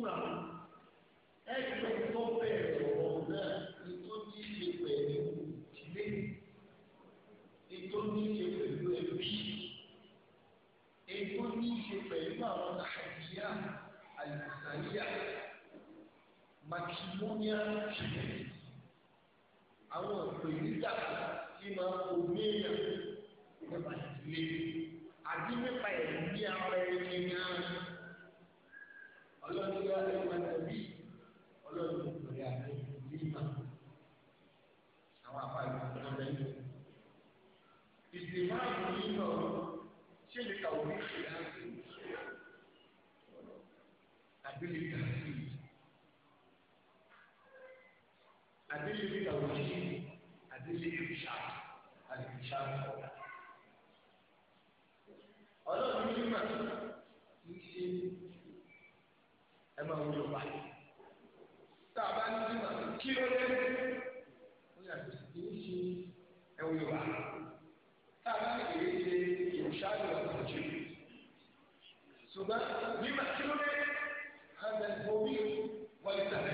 súra ẹgbẹ́ tó bẹ̀rẹ̀ ọ̀rọ̀ náà ètò ní ṣe pẹ̀lú ìdílé ètò ní ṣe pẹ̀lú ẹbí ètò ní ṣe pẹ̀lú àwọn àṣàyà àlùsáyà matrimonial treatment àwọn ìpèníjà tí máa kó méèyàn nípa ìdílé àbí nípa ẹ̀mí ara ẹni náà ọlọ́run yá ẹ̀wọ̀n ẹ̀mí ọlọ́run ìpínlẹ̀ àdéhùn nígbà àwọn àpáyé ọ̀dọ́ lẹ́yìn. ìsìnká àwọn nígbà ṣé lè kàwé ní ìlà àbílẹ̀ kàwé àbílẹ̀ kàwé àbílẹ̀ ìṣà àbílẹ̀ ìṣà ọlọ́run nígbà tó. máa wọ yorùbá tá a bá ní bí màá kí ló dé ó yàtọ̀ sí kí ní ṣe ẹwọ yorùbá tá a bá ní èyí ṣe ìrùsáàlù ọ̀sán jù ṣùgbọ́n bí màá kí ló dé hàn ẹ̀ bọ̀ wí wọ́n ti tàbí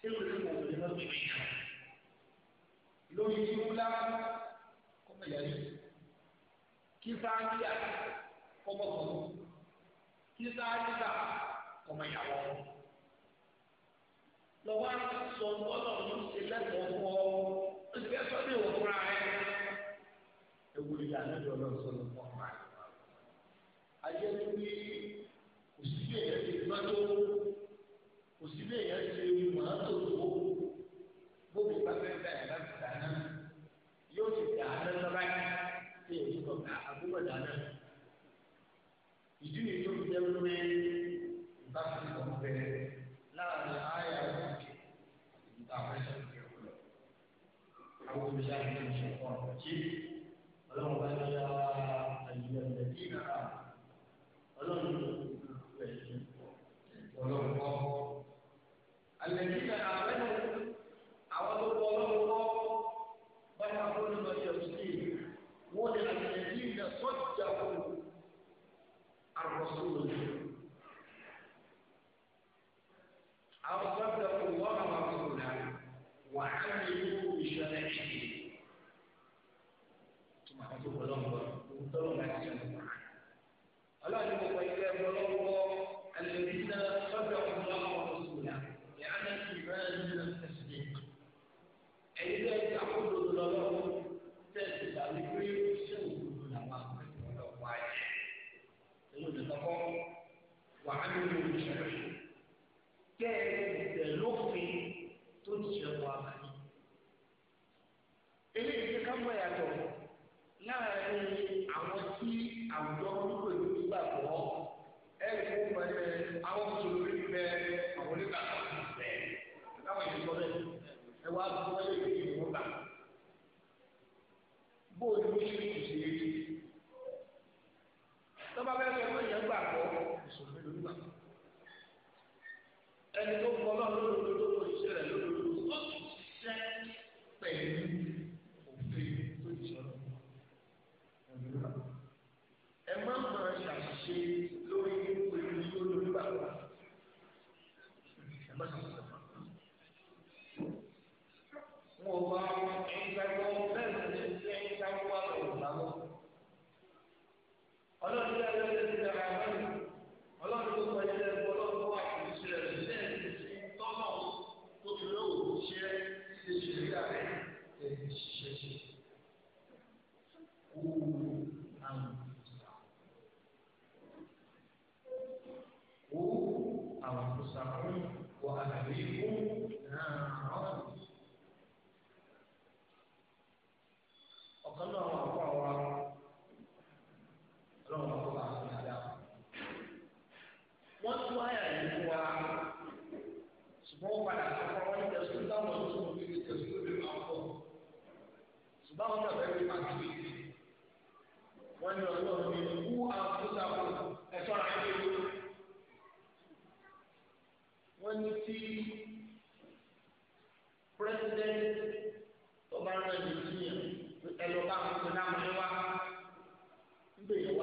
ṣé o lè mọ òun lè lọ́dún mi yàn lórí ìrúlá kọ́mọ ìyàrí kí fáńkìá kọ́mọ kọ́mọ kí sáńkìá kọ́mọ ìyàwó lọ́wọ́ sọ bọ́lá ọ̀hún ṣe lẹ́tọ̀ọ́ fún ọ ó ti fẹ́ sọ pé òun fúnra rẹ̀ ewu ìyá lẹ́dọ̀ ọlọ́run sọ̀rọ̀ fún ọ̀hún ayé wí kò sí ẹ̀yẹ́ ti gbọ́dọ̀.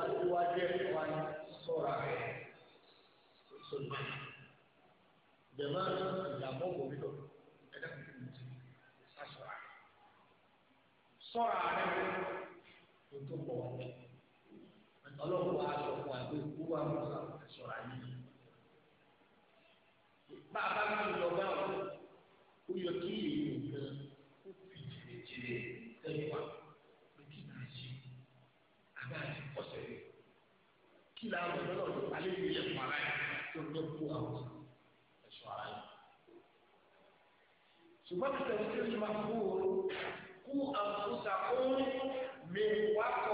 wà níwájú ẹ̀ wá ní sọ́ra rẹ̀ sọ́ra rẹ̀ mi lọ ẹ̀dá mi kò tí a sọ́ra rẹ̀ sọ́ra rẹ̀ tó tó pọ̀ ọlọ́run wa sọ fún wa pé sa mi bá yọ kí la rọ̀ lọ́dọ̀ tó alẹ́ fi lè fún ara yẹn tó lọ kó àwọn ẹ̀ṣọ́ ara yẹn. ṣùgbọ́n tí tẹ̀síwájú máa kú o kú àkóso àkóhùn mi wá kọ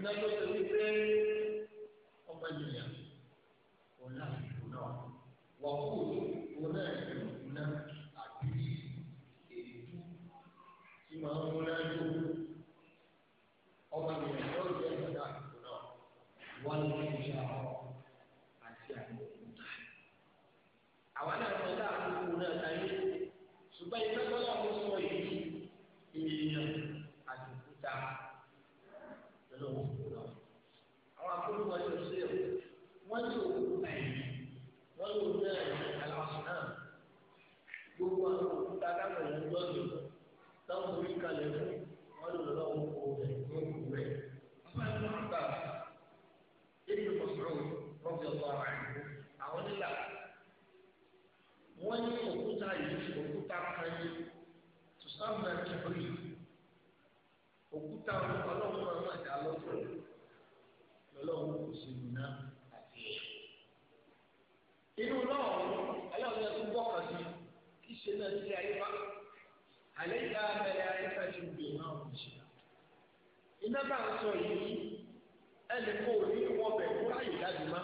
iná tó ṣe wípé. iná bá ń sọ yìí ẹnì kò ní wọ́n bẹ̀ fún àyè jáde má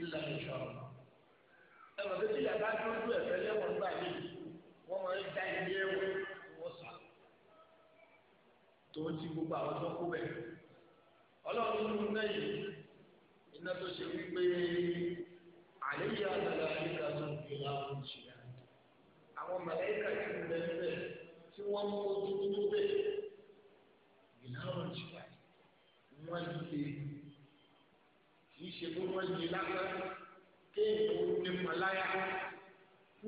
ìlànà ìṣòro ẹ̀rọ tó ti yàrá dúdú ẹ̀fẹ́ lẹ́wọ̀n gbà mí wọ́n máa ń da ìdí ẹ̀wọ̀n wọ́n sà tó ń ti gbogbo àwọn tó kú bẹ̀ ọlọ́run nínú náà yìí iná tó ṣe wípé àléyé àgbàlá àyíká tó ń fi láwọn ìṣẹ̀lẹ̀ àwọn màláìkà ti ń bẹ níbẹ̀ tí wọ́n mú ojú tó bẹ̀. wọ́n lè kì í ṣe pé wọ́n lè lásán kéèyàn ó ní mọ̀láyà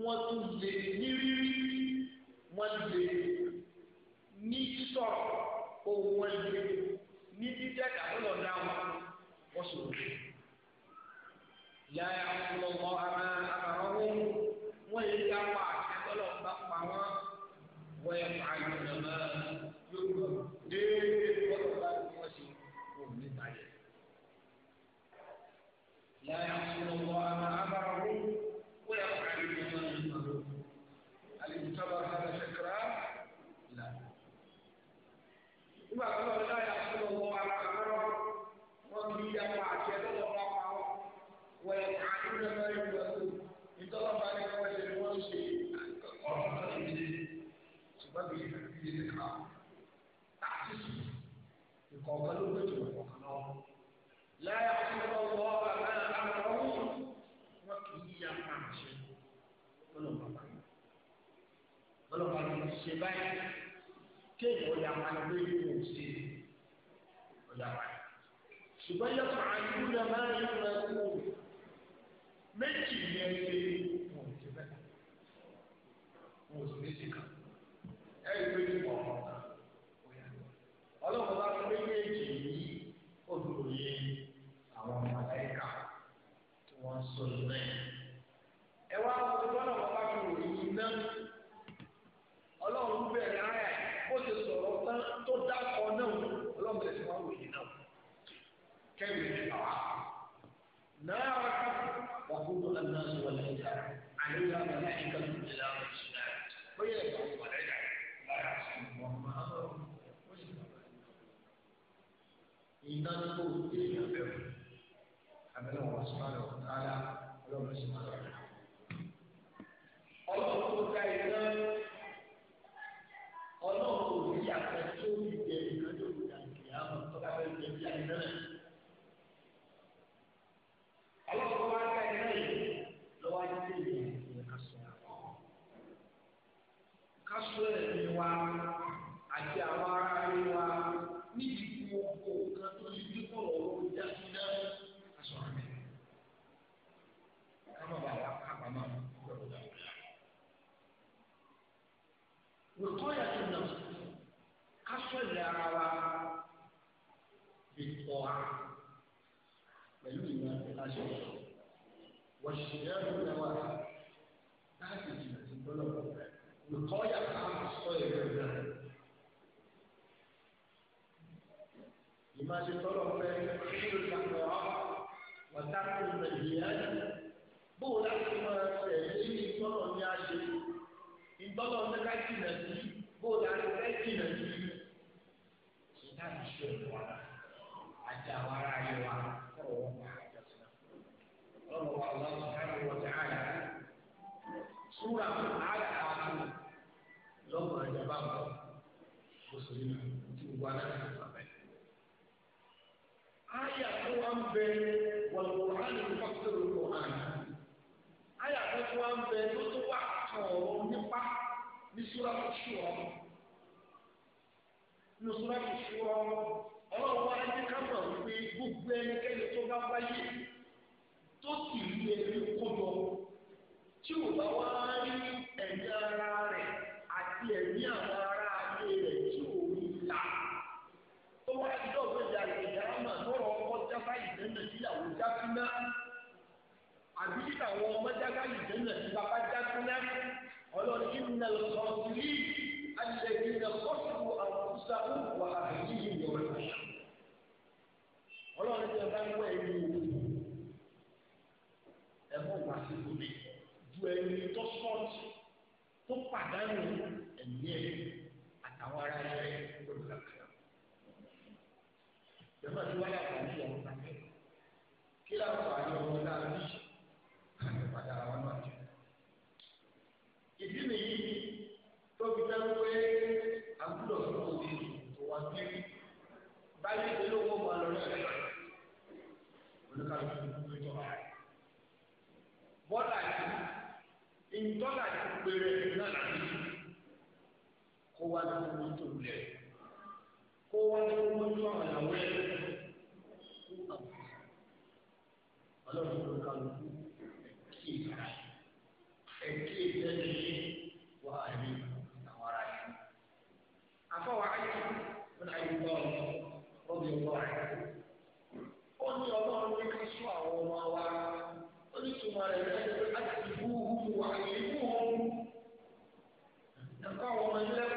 wọ́n tún lè ní rírí wọ́n lè ní sọ̀rọ̀ ohun wọ́n lè ní dídẹ́ kàtọ́lọ̀ dáhùn wọ́n sọ̀rọ̀ láyà ọlọ́mọ àmàràwọ̀ wọ́n lè yá pa àtẹ́tọ́lọ̀ bá pa wọ́n wọ́n yẹ fà yọ̀ lọ́mọ yóò gbọ́ déédéé. báyìí kéèyàn ọ̀yà máa lọ lórí ìwé òsè ọ̀yà máa. ṣùgbọ́n yẹ fún àyùkú náà máa ń yọ ẹ kú méjì yẹn ṣe wọn ò ṣe bẹ́ẹ̀ wọn ò sì ní ṣe kàn ẹ̀ ẹ́ ìgbésí wọn. 当初。ما شطرهم في الأحرار وترك المجيئات بولا ما سيدي طلب يا شيخ إن طلب لك جنسي بولا لك جنسي سلطان الشيخ ولا حتى وراء يوم قال الله سبحانه وتعالى سورة على حاكم لما جبابه مسلمين تقوانا wá ń bẹ wàlúwàá ní fásitì kòrán àyà kan tó wá ń bẹ tó tó wà kan ọ̀rọ̀ nípa ní sura tó ṣù ọ́ ní sura tó ṣù ọ́ ọlọ́run wá ní ká mọ̀ wípé gbogbo ẹnikẹ́ni tó bá wáyé tó sì rí ẹni kó tí ò bá wá rí ẹ̀mí ara rẹ̀ àti ẹ̀mí àwọn. àbí títà àwọn ọmọdéka yìí tó ń lẹ̀ sí bàbá jákúná ọlọ́ni ìnà lọ́sọ̀rọ̀sì alẹ́bí ní ọ̀sọ̀rọ̀ àkùsà wà àyè ìyọ̀rọ̀ ọlọ́ni tí a bá ń wọ ẹ̀mí òkú ẹ̀mọ́ wà sí omi ju ẹni tó sọ́ọ̀tì tó pàdánù ẹ̀mí ẹ̀ àtàwọn ará ẹ̀ lọ́dọ̀ọ́kẹ́ jẹ́mọ̀ tí wáyà kàn ní ọ̀rọ̀ kí lóò fà á ní ọ̀rọ̀ náà bí. ìtọ́lá ìpèrè náà láti kó wá ní owó tó lẹ̀ kó wá ní owó tó àwọn ìyàwó ẹ̀ ọlọ́run ló kálukú. Gracias.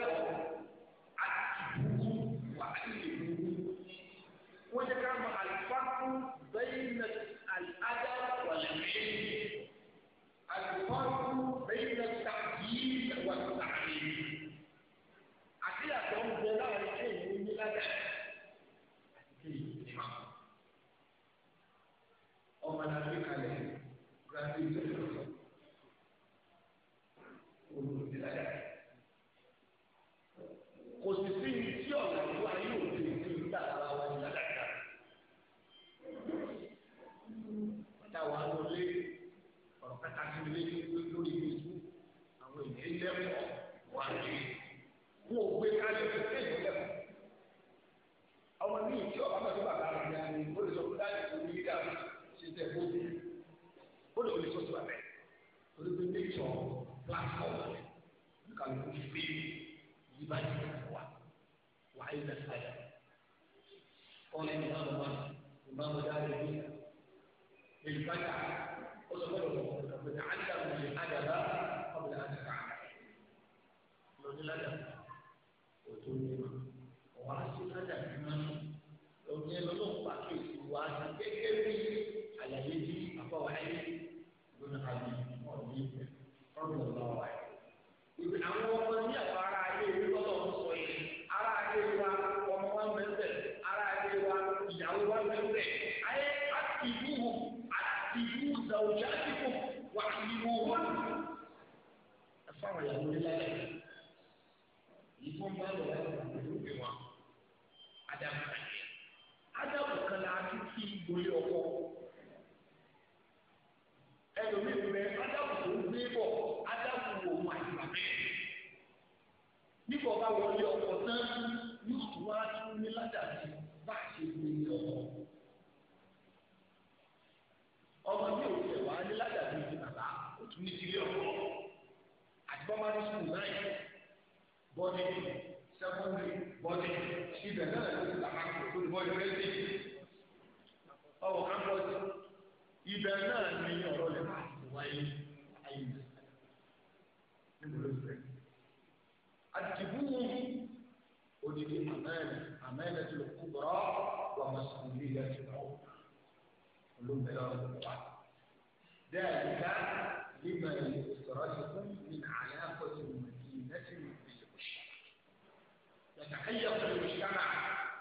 تحية المجتمع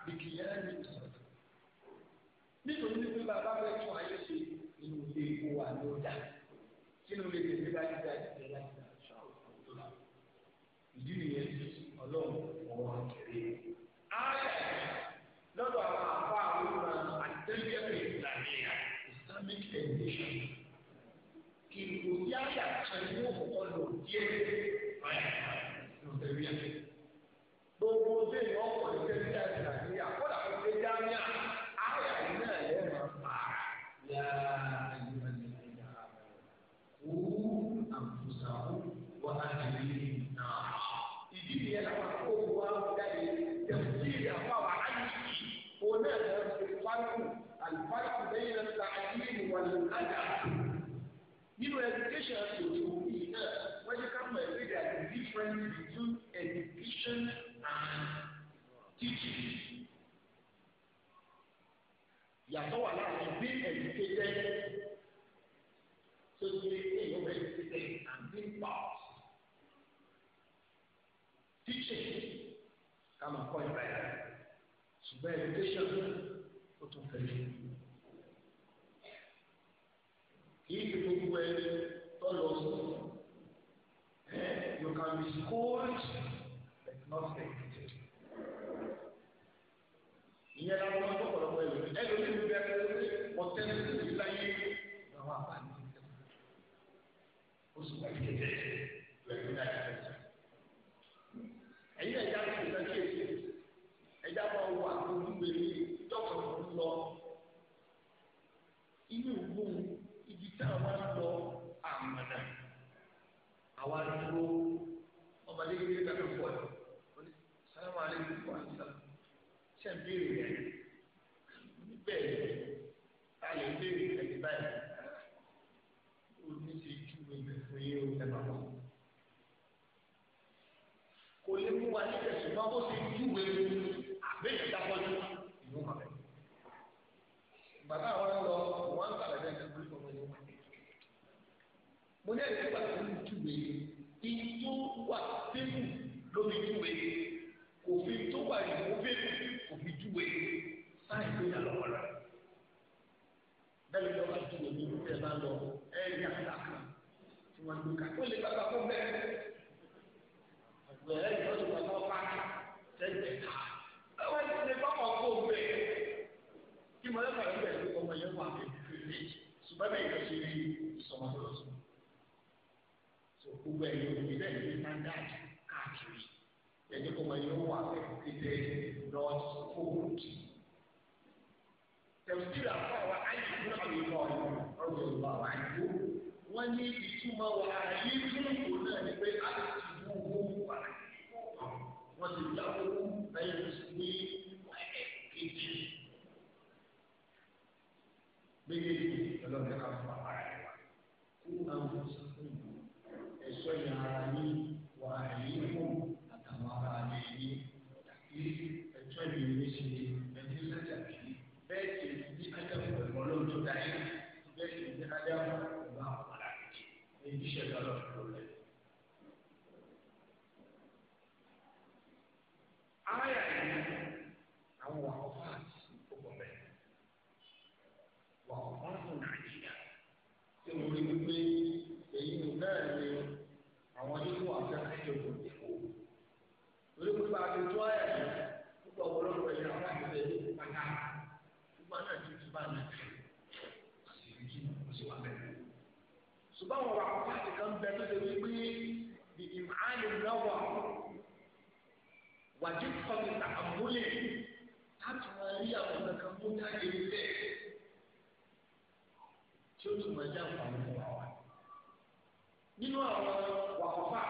بكيان الأسرة nítorí ní pé bàbá bẹ tún ayé ṣe inú ilé epo wa ló dá sínú ilé tèmi bá ti dá ìdílé láti dá ṣáàtò la ìdí nìyẹn ti ọlọ́run ọwọ́ àkèrè. ayé lọ́dọ̀ àwọn àbá àwọn ọmọ àtẹ́gbẹ́rẹ́ ìlànà islamic education kì í kò yáyà kan ní òkùnkùn lò díẹ̀ báyìí lọ́dọ̀ ìrìn àjò. and teaching. Yàtọ̀ wà láàrin being educated so to be being educated and being taught. Teaching ká máa kọ́ ìgbà yà ṣùgbọ́n education ó tún fẹ́ lé. Kì í ṣe gbogbo ẹni tọ́lọ̀ sùn. You can be schooled. nọ́ọ̀sì. ìyẹn náà wọ́n tó pọ̀lọpọ̀ ẹ̀rọ ẹ̀rọ ní ibi bẹ́ẹ̀ wọ́n tẹ́lẹ̀ sí i láyé lọ́wọ́ àbáyé oṣù wáyé kékeré lẹ́yìn ní àyẹ̀fẹ́ ẹ̀yìn ẹ̀yà ti lọ inú ibi tí lọ àmàlà àwa dúró ṣe ń béèrè rẹ̀ níbẹ̀ ta lè béèrè rẹ̀ nígbà yẹn ó ní ṣe ju ẹgbẹ́ fún yé o ẹ̀ máa mọ̀. kò lè mú wa níbẹ̀ ṣùgbọ́n bó ṣe ju ẹgbẹ́ àbẹ́yẹ̀ dákọ́jú ìlú màbẹ̀. bàbá àwọn lọ wọn ń sàlẹ̀ bẹ́ẹ̀ ní orí ọmọ mo ní ẹ̀rí pàtó ju ẹgbẹ́ júwe sáyẹn tó yà lọ́wọ́ rẹ̀ bẹ́ẹ̀ lọ́wọ́ bá júwe ní ìfẹ́ bá lọ ẹ̀ẹ́dì àgbà kan tí wọ́n gbé ká ó lè bàbá fún bẹ́ẹ̀ àgbẹ̀ ẹ̀ẹ́dì lọ́dún bàbá ọ̀pá tẹ̀gbẹ̀ ká ẹ̀wọ́ ti lè bá ọkọ̀ ògbẹ̀ kí mo lẹ́kọ̀ọ́ ẹ̀gbẹ̀ ló kọ́ ọmọ yẹn wà ní ìfẹ́ ṣùgbọ́n bẹ́ẹ̀ yóò ṣe ìsọmọlọ́sọ ẹni kò mọ ẹni ó wà lẹ́kìtẹ́ not food. tẹ̀síìrì àfọwọ́ ayé fún àwọn ìlú ọ̀yọ́ ọ̀rọ̀ ìlú àwọn àyíkó wọ́n ní ìtumọ̀ wà ayé fún ìlú náà ni pé a ti ti mú owó wà wọ́n ti dá owó lẹ́yìn ìsúwé lẹ́kìtì. méjèèjì ọlọ́dún kan fún àwọn àyẹ̀wò kó àwọn ìsúwé. wàjú kọ́ni ta àmúlẹ̀ láti máa rí àwọn kankan mú jáde bẹ́ẹ̀ tí ó tún máa jẹ́ àǹfààní fún wa wá. nínú àwọn wàkọ̀fà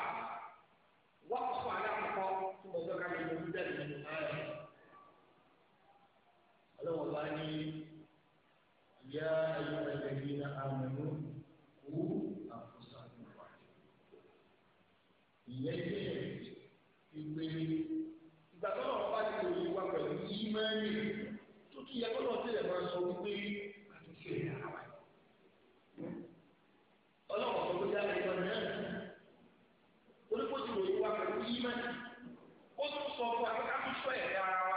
wàkọ̀fà alákọ̀ọ́kọ́ tí mo gbọ́dọ̀ ká lè mú jáde nínú ayọ̀. ọlọ́wọ́ bá ní yáa. 我我刚不说呀。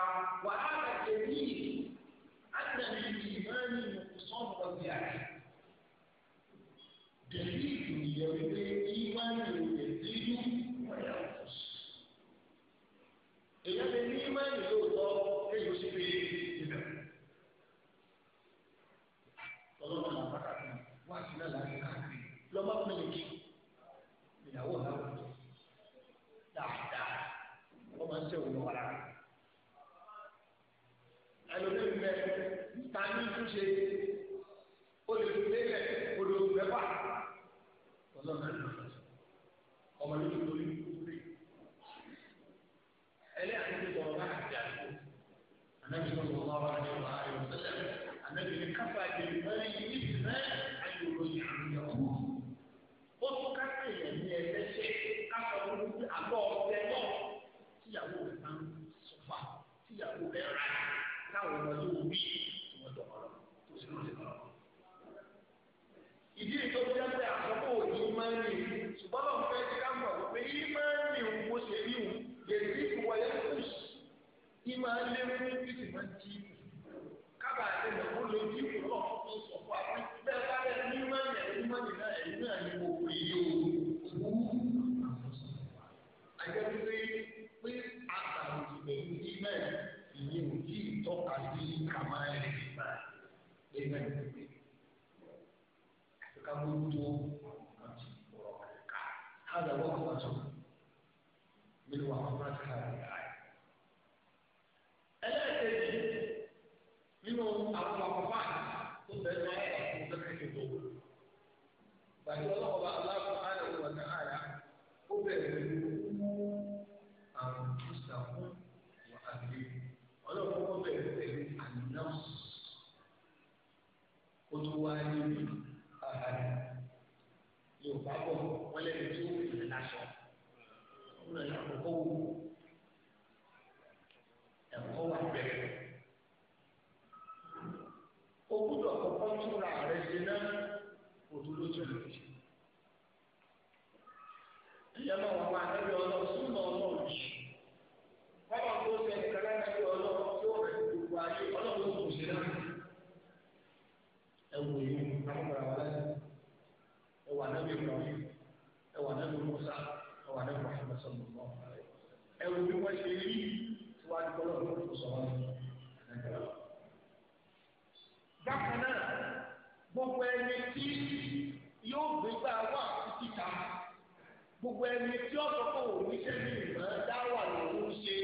ẹni tí ọ̀sọ̀ kò wò ní sẹ́ni ìmọ̀ dáwà lòún ṣe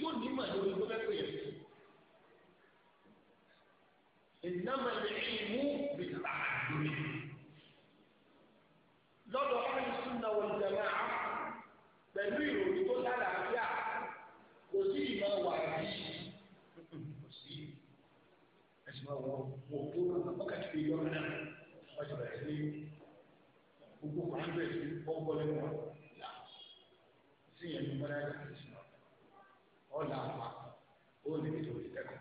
yóò ní mà lórí tó fẹ́ pè é. ìnáma ní ìmú bìtà àdúrà lọ́dọ̀ ọ̀hún sunna wal jamaa pẹ̀lú ìròyìn tó lálàáfíà kò sí ìmọ̀ wà bí kò sí ẹ̀sìn máa wọ òkú ọkàtí fi yọ ọ́ náà wọ́n ti bẹ̀rẹ̀ sí gbogbo kan bẹ̀rẹ̀ sí ọgbọ́n lẹ́nu yẹn ní mọ́lá ìgbà tó sùn ọ̀la àpá ó ní nítorí kẹ́kọ̀ọ́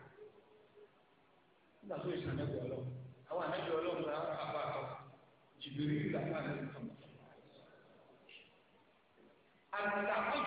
nígbà tó ìsìn ànẹ́gbẹ̀ ọlọ́run àwọn ànẹ́gbẹ̀ ọlọ́run ló rárá àtọ̀ jìbìrì ìlànà àti ìkàmọ̀ àgbàdàkọ̀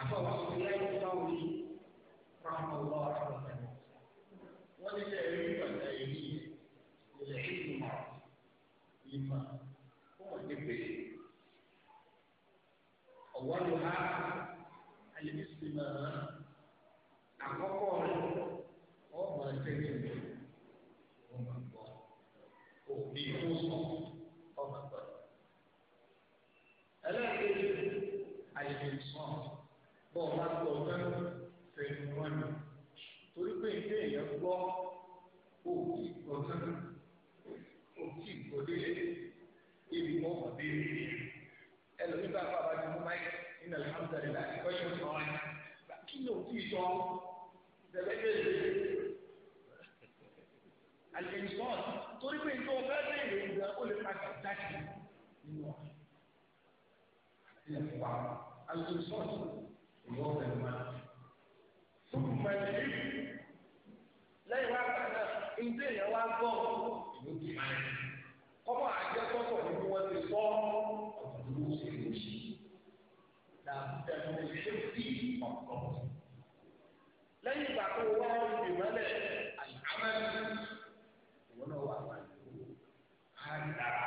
àfọwọ́ sọ yá yóò bá wù yí rahma allah rahma sani. wọ́n ní sẹ́yìn rí bàtà èyí ilẹ̀ ìgbìmọ̀ ìmọ̀ fún wọn ní pèsè. ọ̀wọ́n ló há alẹ́ bí sinimá. bọ́ ọ bá gbọ́ tán fẹnu wọn nù torí pé ilé èèyàn gbọ́ òkì gbọ́ tán òkì gbọ́ délé ibi wọn kò dé ẹlòmíbà bàbá ti mú máyé nínú alhamdulilayi láti kọ́ yóò sọ ọ́ yẹn kí ti sọ bẹ̀rẹ̀ bẹ̀rẹ̀ torí pé nítorí wọn fẹ́ẹ́ bẹ̀rẹ̀ ìgbà ó lè pa dájú nínú ọ̀hún àti ẹ̀fọ́ àlẹ́sọ̀n. يوم الماء ثم العلم لا يوافق أنا إنت يوافق يوتي معي ọmọ àjẹsọ́tọ̀ ni wọ́n ti sọ ọ̀dùnú sí lóṣì làbújá ní ṣe fi ọ̀pọ̀. lẹ́yìn ìgbà tó wá ìdè mọ́lẹ̀ àyàmẹ́lẹ́ ìwọ náà wá ìlú àdàrà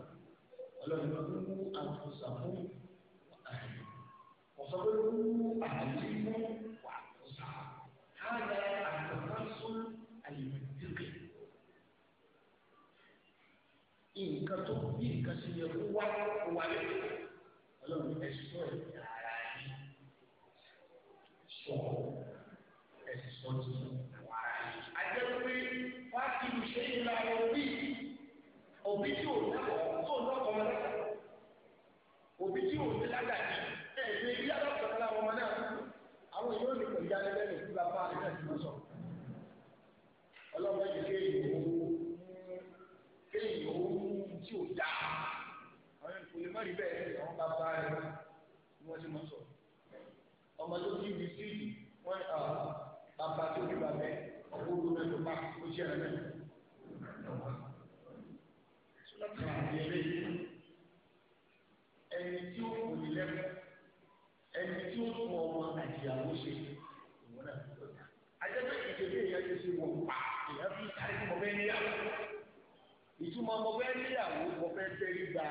ọlọ́run ló ń mú àtúnṣà fún ààrẹ ọ̀sọ́ pé ó ń mú ààrẹ mú àtúnṣà káàdà àtúnṣà àyèmọ̀tìkì nǹkan tó bí nǹkan ṣe yẹ kó wá wà lẹ́yìn ọlọ́run ẹ̀ṣọ́ ẹ̀ ara yìí sọ ẹ̀ṣọ́ ti àwọn ara yìí. ajẹ́ pé wá kí n ṣe ìlànà òbí òbí tí bá tó ní bàbẹ ọwọ́ ló bẹ tó bá ó ṣe ẹrẹ mẹ́rin. sọlọ́tì àdìyẹ ẹni tí ó kù ní lẹ́kọ̀ọ́ ẹni tí ó kù ọmọ àjìyàwó ṣe ìwọ náà tó ta. ajẹ́pẹ́ ìdèbí èèyàn ti ṣe wọ̀ pa èèyàn fi sáré mọ̀ bẹ́ẹ̀ níyàwó ìtumọ̀ mọ̀ bẹ́ẹ̀ níyàwó mọ̀ bẹ́ẹ̀ tẹ́lí gba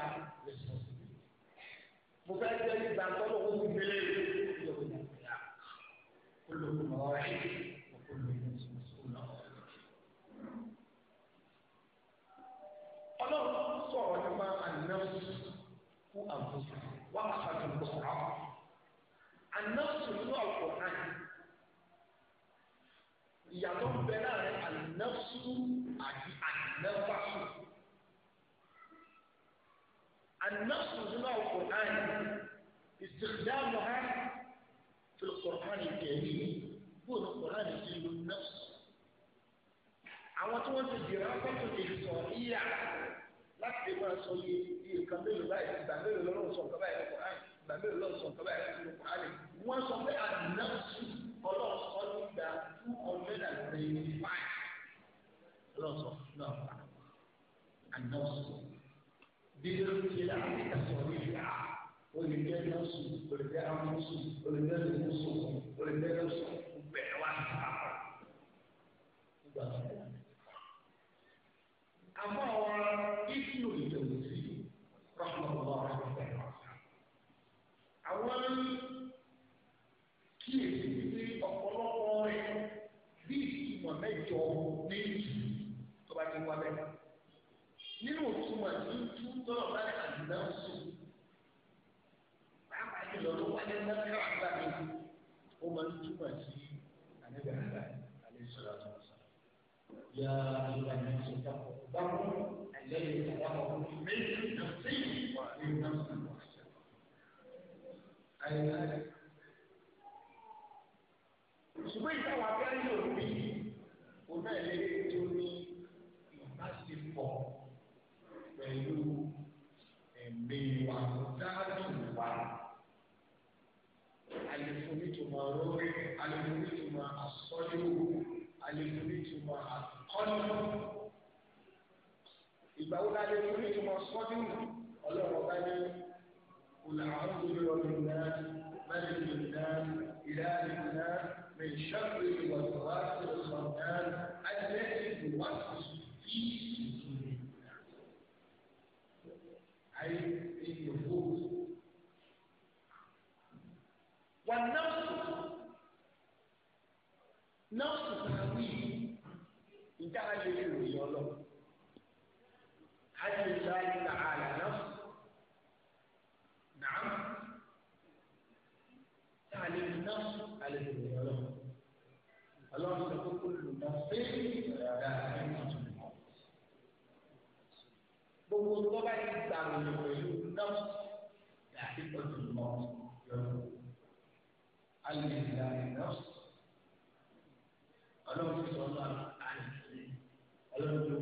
mo fẹ́ tẹ́lí gba tọ́lọ́ كلكم راع وكل الناس مسؤول ọlọ́run sọ̀rọ̀ nípa anẹ́sù fún àbúrò wà pàtàkì lọ́sọ̀rọ̀ anẹ́sù nínú àkùnrin ìyàtọ̀ ń bẹ láàrin anẹ́sù àti anẹ́fàsù anẹ́sù nínú àkùnrin ìsìnkú dáhùn hàn. في القرآن الكريم يكون القرآن يسير النفس àwọn tí wọ́n ti dìrọ̀ akọ́tù ìsọ̀ yíyà láti máa sọ yé iye kan mélòó báyìí ìgbà mélòó lọ́rùn sọ nǹkan báyìí lọ́kọ̀ áì ìgbà mélòó lọ́rùn sọ nǹkan báyìí lọ́kọ̀ áì wọ́n sọ pé àdínáṣù ọlọ́run sọ nígbà two hundred and twenty five ọlọ́run sọ fún ọ̀pá àdínáṣù dídúró àti ìdásọ̀rọ̀ yìí olùjẹ́ lọ́sùn olùjẹ́ amúsùn olùjẹ́ lọ́sùn olùjẹ́ lọ́sùn bẹ́ẹ̀ wá sáà nígbà tó wà. àmọ́ àwọn ifi olùjẹ́ wò sí rọ́pọ̀lọpọ̀ àwọn ọ̀rẹ́ àwọn kíyèsí wípé ọ̀pọ̀lọpọ̀ rẹ̀ bí ìtumọ̀ mẹ́jọ méjì tó bá ti wá bẹ́ẹ̀ nínú ìtumọ̀ tí ń tú bá ní àdìdáwò. يا أيها الناس اتقوا ربكم الذي خلقكم من نفس من نفس واحدة أي ṣùgbọ́n ìtawà abẹ́rẹ́ yóò bí òun náà lè rí ìgbà wo la lè torí ìtumọ̀ sọ́dún ọlọ́run bá ní olùhàmọ́ tó lọ ní ìlà láti ní ìlà ìlà ìlà من شر الوسواس الخنان الذي يوسوس في صدور الناس أي في النفوس والنفس نفس تهويه ìjà lè rí ìròyìn ọlọ ayé láyé tààlà náà nàá tààlà náà àlè ìròyìn ọlọ ọlọ́run sọ pé kó lù náà fẹ́ẹ́ ìrọ̀dá àti ìmọ̀ gbogbo tó bá yẹ gbà wọlé pẹ̀lú náà yàtí pẹ̀lú mọ́ yọrọ alẹ́ ìlànà náà ọlọ́run sọ náà. Thank you.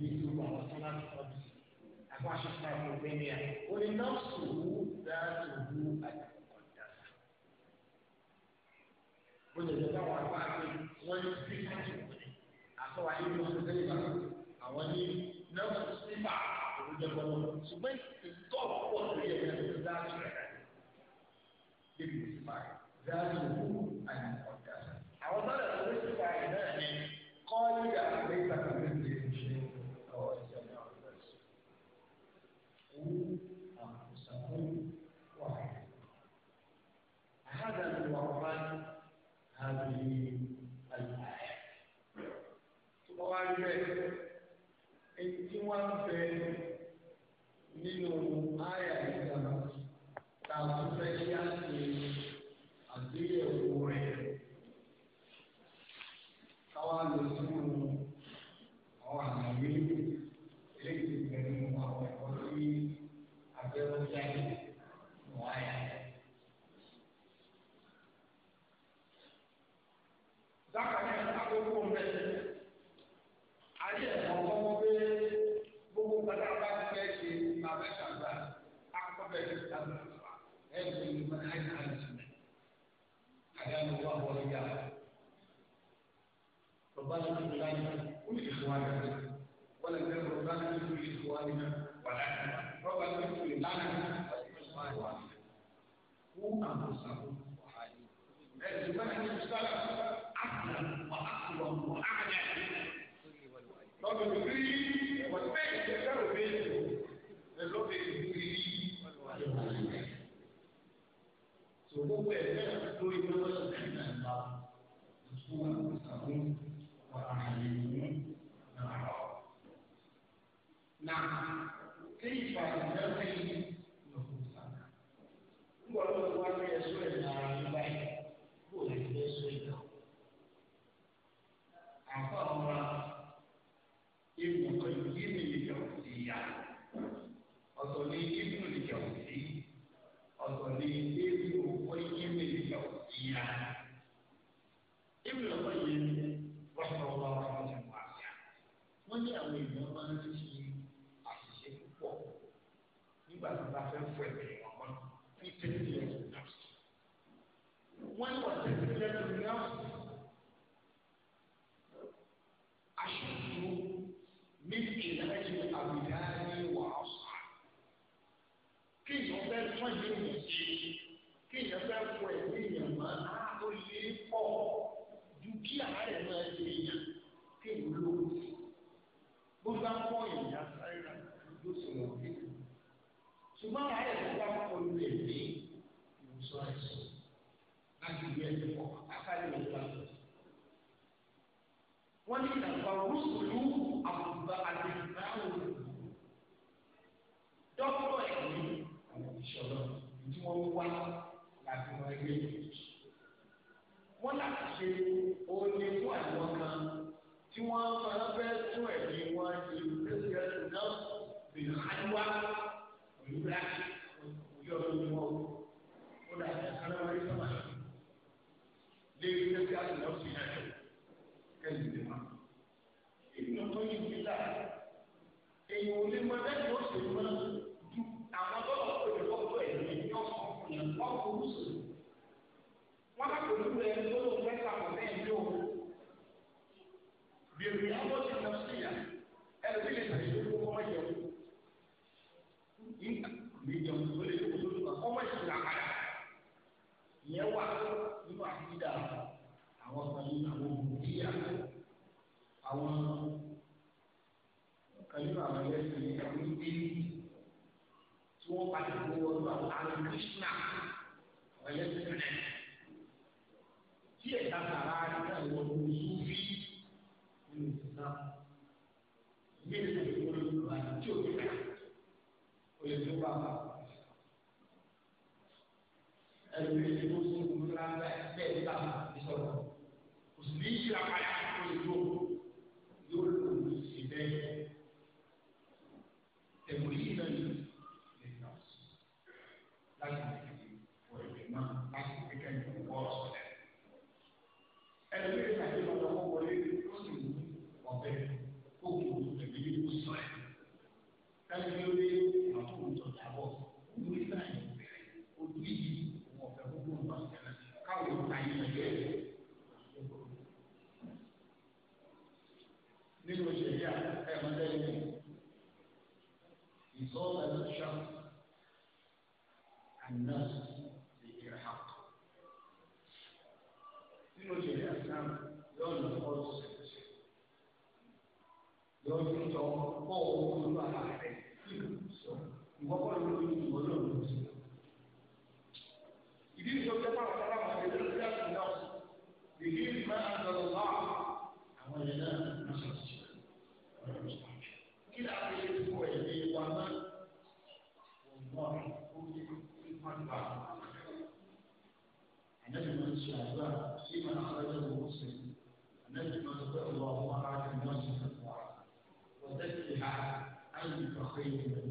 nínú àwọn tó láti tọ́jú sí àpáṣẹ fún àwọn òbẹ́ni à ó ní náà sòwò dáàtòwò àdìmọ̀kọ̀dá. bó lè lọ́wọ́ àwọn àgbà pé wọ́n ní sífà ìwọ̀n àtọ́wà ẹ̀yà 嗯。ṣùgbọ́n àwọn ayẹyẹ tó wà kọ́ ló lè ní ìwòsàn àìsàn láti ìlú ẹ̀sìn pọ̀ àkàlẹ̀ ìlú àgbẹ̀. wọ́n ní ìdàgbà rúṣùlù àbùbá àdìgbà òòlù dọ́kítọ̀ ẹ̀mí àwọn ìṣọ̀lá tí wọ́n wá láti wọ́n ẹgbẹ́ wọ́n láti ṣe oye fún àwọn kan tí wọ́n máa fẹ́ tún ẹ̀mí wọn ṣe ìgbésẹ̀ náà bìnnú àdúrà black yọ tó ní wọn ó dà ní aláwárí sọ́mà lé ẹgbẹ́ àtúntò sí náà kẹ́lí lè má. èèyàn tó yí mi là èèyàn ò lè mọ ẹgbẹ́ tó ṣe mọ́ ju àwọn tó lọ́wọ́ pẹ̀lú ọ̀pọ̀ ẹ̀yìn ní ọ̀sán fún yẹn wọ́n kò pèlú ẹni tó lọ́wọ́ fẹ́ sàmọ́ bẹ́ẹ̀ ní òun. bèrè àwọn ìyẹn wà nínú àdídà àwọn pẹ̀lú àwọn òmùdíyà àwọn pẹ̀lú àwọn ẹlẹ́sìn ẹ̀mí bíi tí wọ́n padà kó wọlé àwọn àmì kírísítà àwọn ẹlẹ́sìn rẹ̀ tí ẹ̀dá sàrà nígbà wọ́n ló sún fí nínú ìsìnká ní ìsìnká ìwọ́n ló lọ́wọ́ àti tí ò ní ká olè tó bá wà. الناس بالحق في وجه الأسلام لون الخلص لون الخلص خير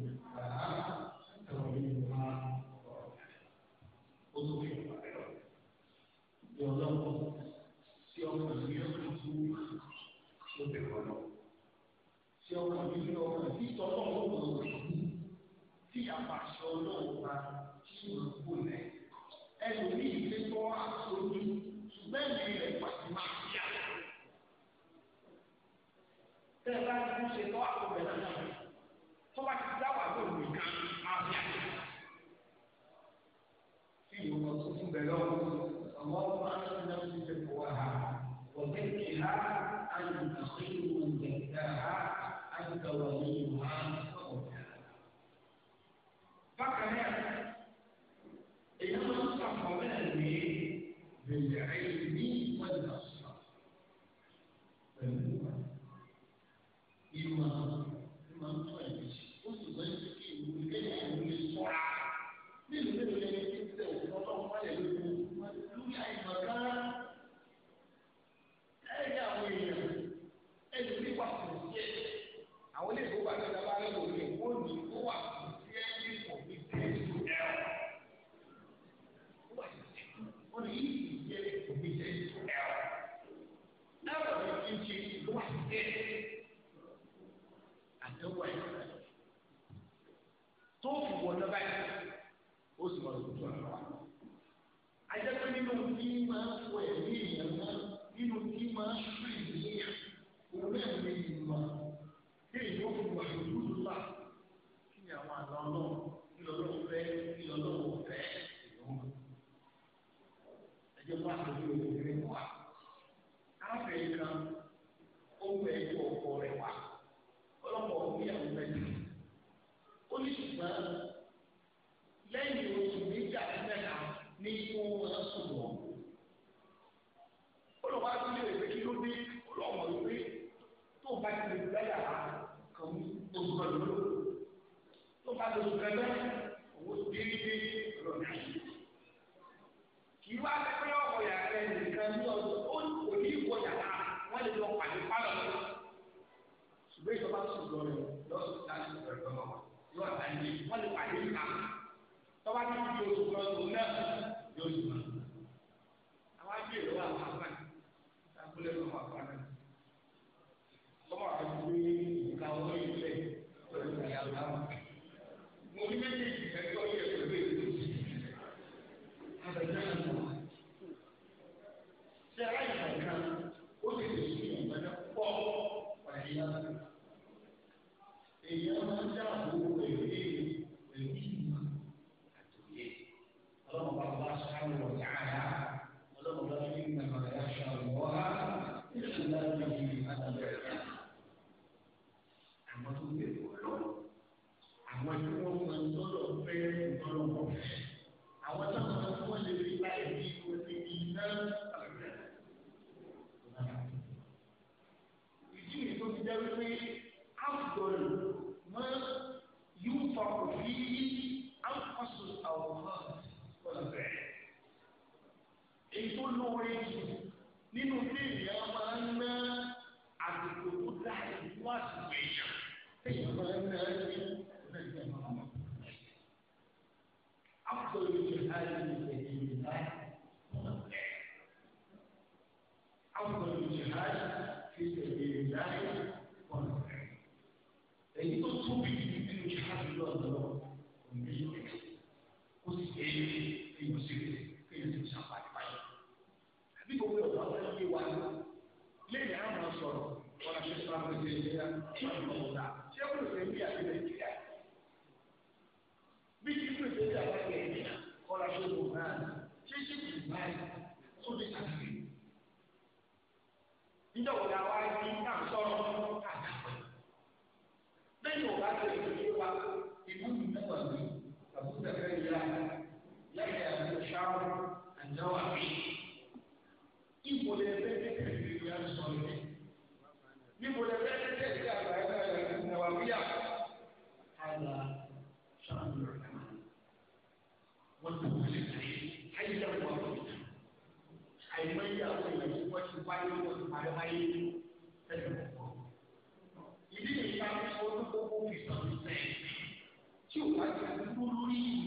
lè ṣe ká ìmọ̀ ọ̀tá ṣé kò ṣe ní àti nàìjíríà bí kí kò ṣe ní àwọn ẹgbẹ́ ìrìnà kọ́lá tó lò náà ṣé ṣé kò ní báyìí tó lè ṣàkíyè. níjọ́ wo la wá yí ká sọ̀rọ̀ àdàpọ̀ lẹ́yìn ọ̀gá tó lè ṣe wá ìlú mẹ́wàá mi àbúrò fẹ́ yá lẹ́yìn àti ṣáà àjọwà mi. Ibo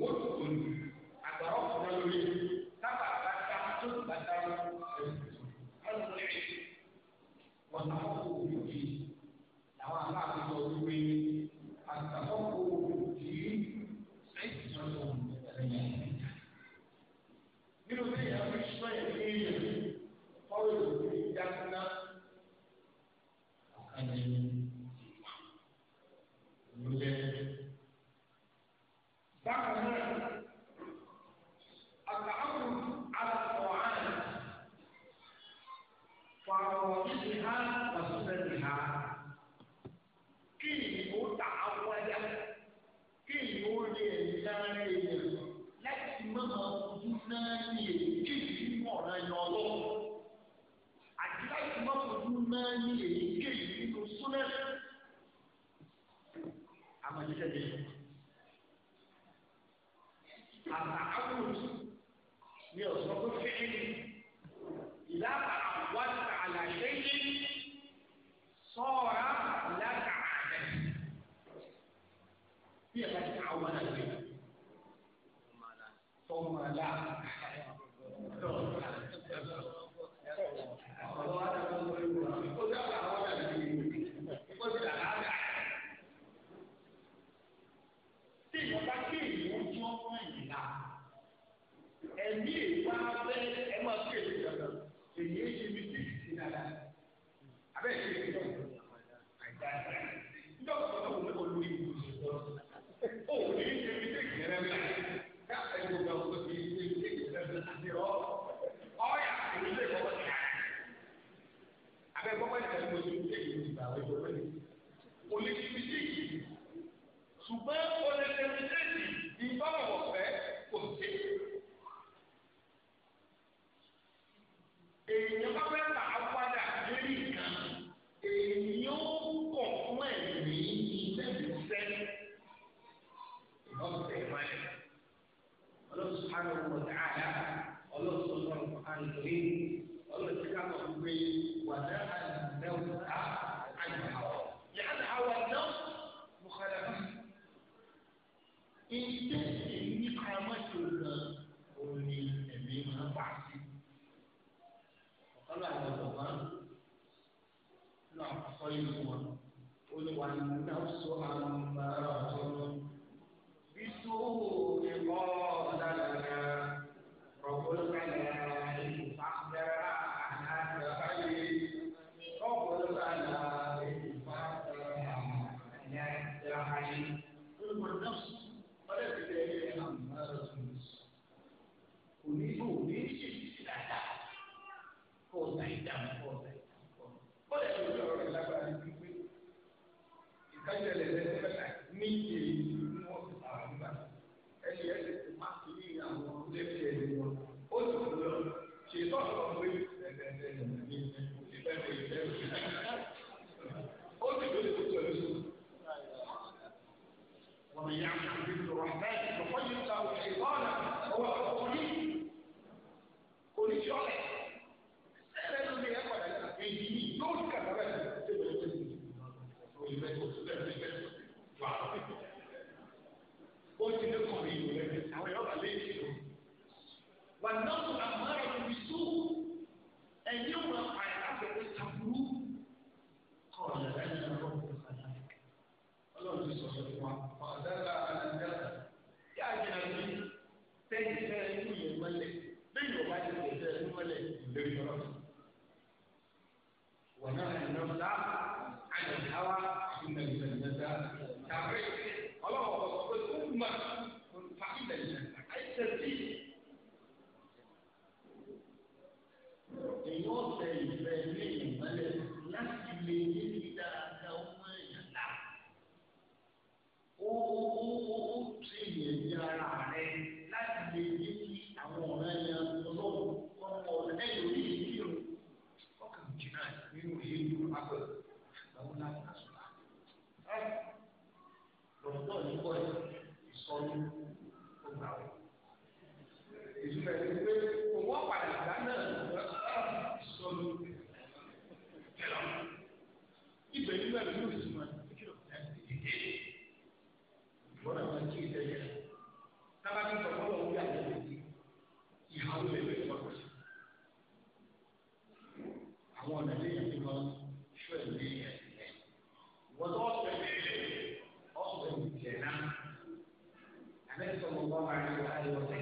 wọ́n tó kọ́ ní. de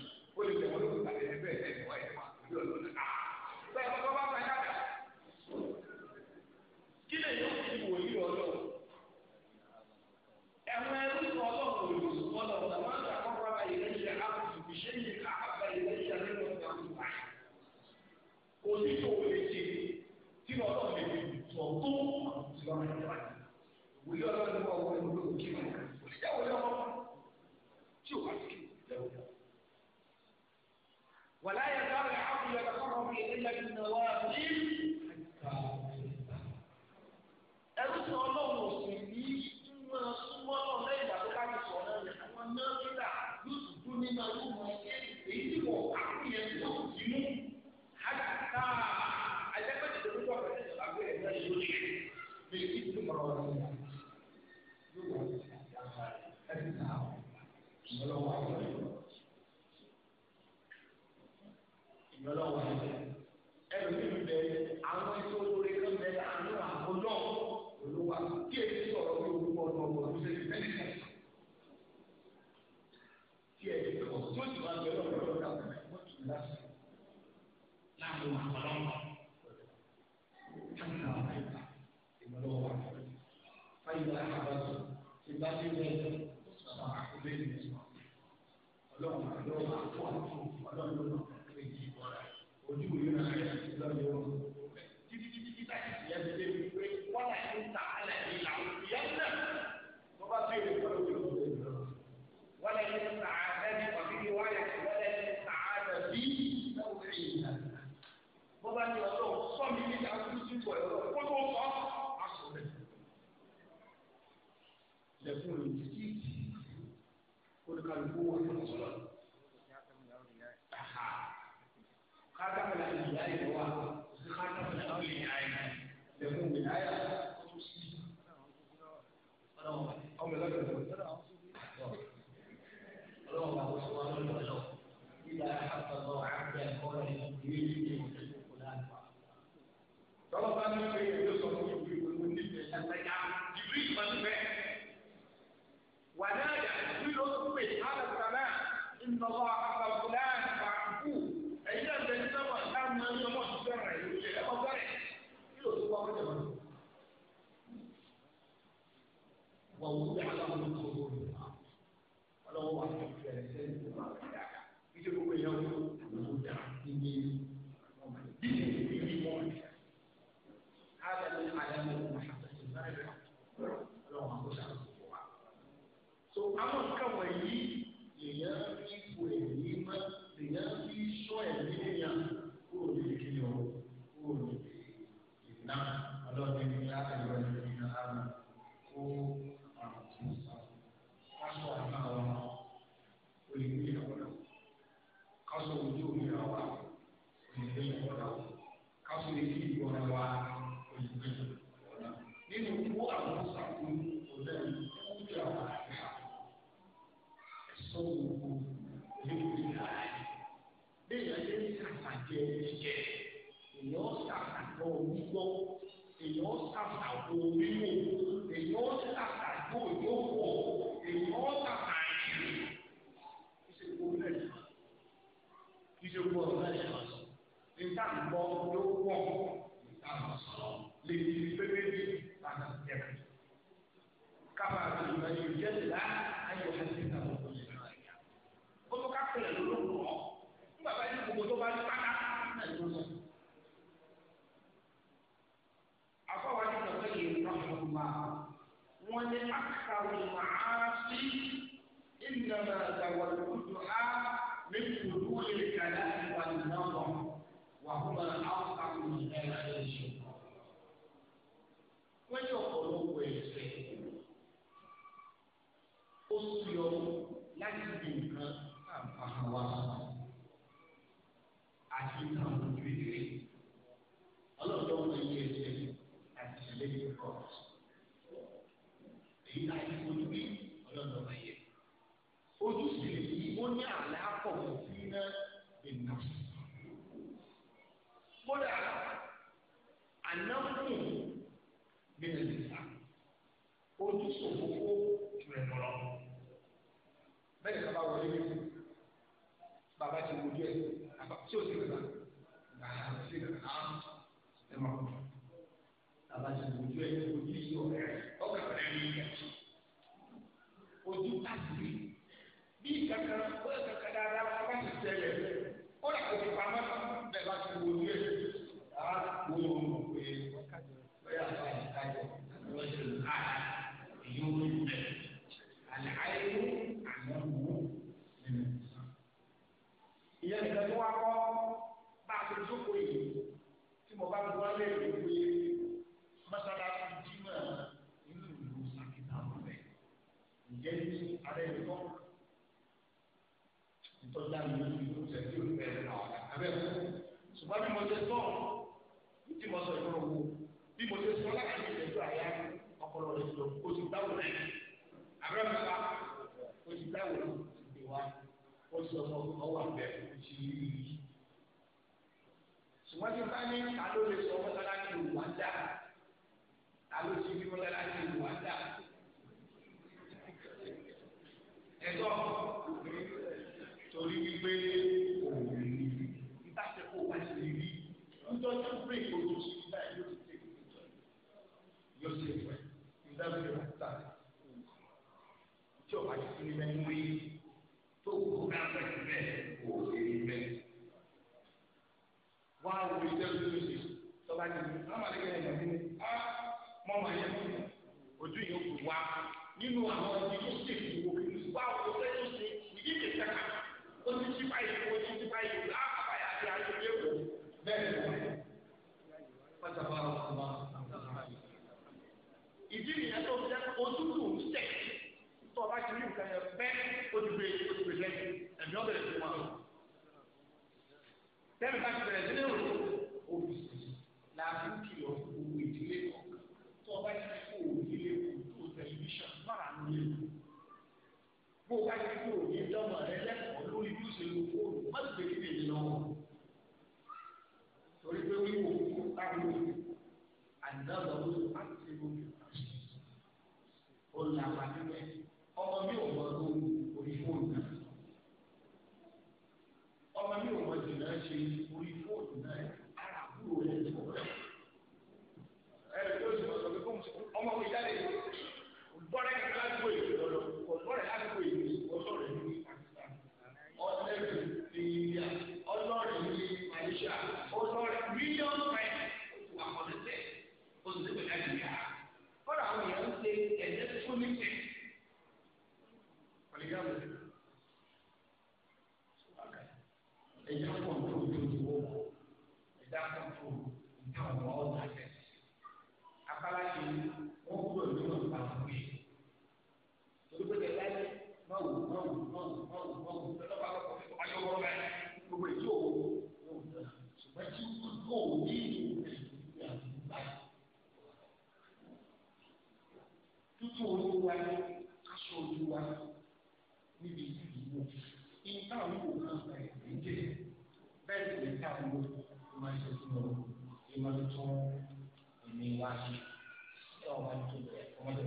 ní ọlọ́run sọ mi ní àti sípò ẹ̀rọ kó tó sọ aṣọ rẹ̀. lẹ́kùn rẹ̀ ti kí ìdí olùkàlùkù wà. tẹ́lẹ̀ kaba wọlé mi bàbá ti wò díẹ̀ àbá tí o sì gbà gbà sí gbà á ẹ̀ mọ̀ bàbá ti wò díẹ̀ o yí yí ọ̀rẹ́ rẹ̀. sí ọmọ ọwọ́ àgbẹ̀ kò sí rí i. ṣùgbọ́n tí bá ní ta ló lè sọ mọ́sálásí ò wá dá ta ló ti máa wò ìdẹ́ lójú sí tọ́ba jù ní ọmọ àlẹ́ kẹ́lẹ́ ìyàwó ni á mọ́ màá yẹ fún ojú yìí ó kù wá nínú àwọn ọdún tó ṣe ìwò kí wá owó fẹ́ tó ṣe ìdí lè fẹ́ ká ó ti ṣí báyìí ó ti ṣí báyìí ó láàbàyà àti àyè ó bẹ́ẹ̀ lọ́wọ́ pátápá ọ̀sánmá ìdí nìyẹn tó fi ojú tó ń tẹ̀ tọ́ba jù ní nǹkan yẹn bẹ́ẹ̀ ó ti gbé ó ti gbé lẹ́yìn ẹ̀mí ọ̀bẹ̀rẹ̀ fún wa tẹ́lifà ti bẹ̀rẹ̀ sí ní òru àdínkìlọ̀ fún gbogbo ìdílé kọ̀ọ̀kan tó ọba yẹn kó ìdílé kò tó tẹlifíṣàn máa ń lè lò. bó o bá yẹ kó o ní dọ́mọ rẹ lẹ́kọ̀ọ́ lórí bí o ṣe lo fóònù má ti gbé kíkè ní lọ́wọ́. torí pé wíwò fún táwọn àdìdá lọ́wọ́ á ti ṣe gbogbo ìpàṣẹ. ó làwọn ìyàwó ẹ̀yà kọ̀ọ̀tù ojoojúmọ́ ẹ̀dá kọ̀ọ̀tù ìtàwọn ọ̀nà àjẹ́ akala yi wọ́n kúrò nínú ìpàdé torí pé kẹlẹ́ máa wù máa wù máa wù máa wù máa wù lọ́dọ̀ bá lọ́kọ̀ fún ọjọ́ wọn bẹ́ẹ̀ gbogbo èyí ò ṣùgbọ́n tí kò ní ìgbà yìí tútù olówó wáyé. ìta òkú náà ẹ̀sìn jẹ́ bẹ́ẹ̀ sì lè ká ìlú máa ṣe fún ọ ìmọ̀lẹ́ tó ìní wá sí ẹ ọmọ tó bẹ ọmọ tó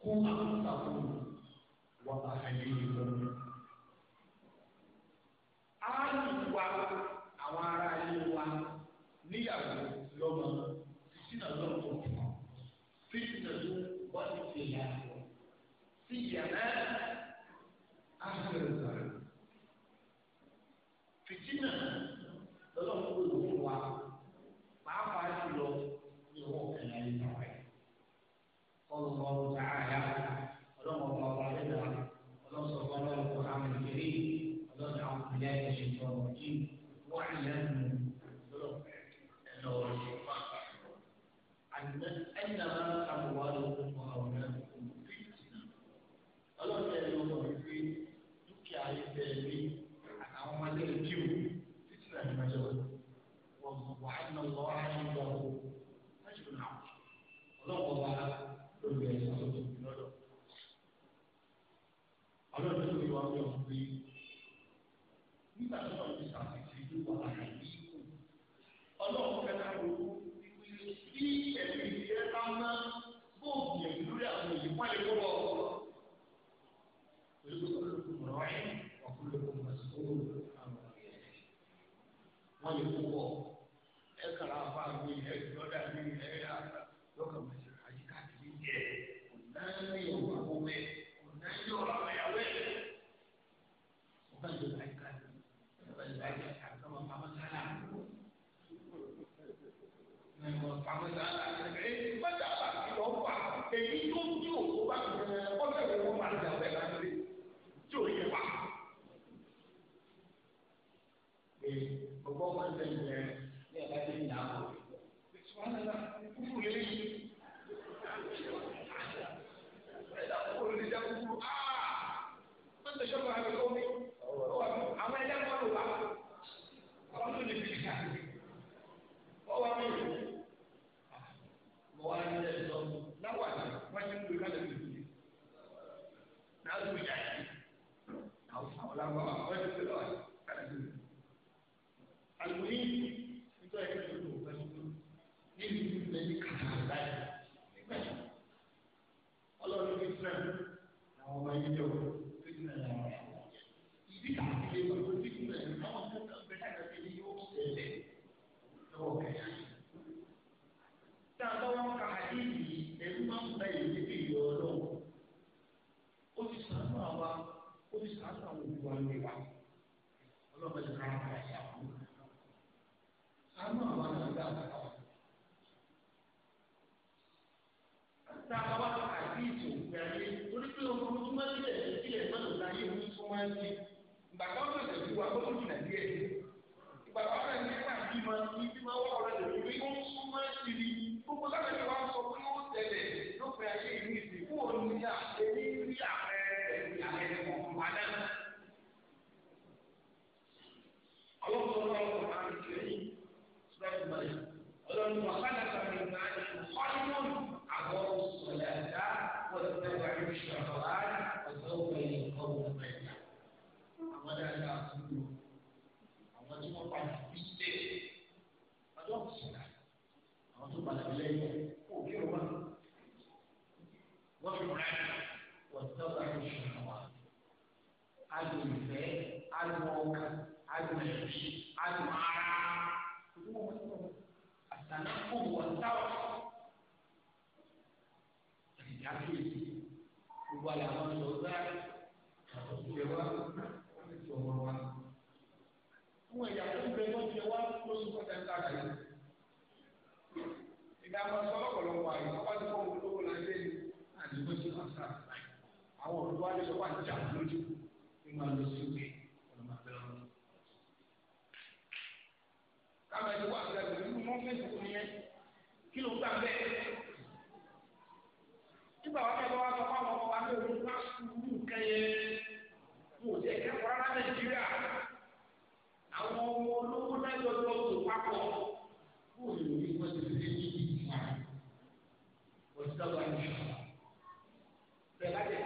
kó àwọn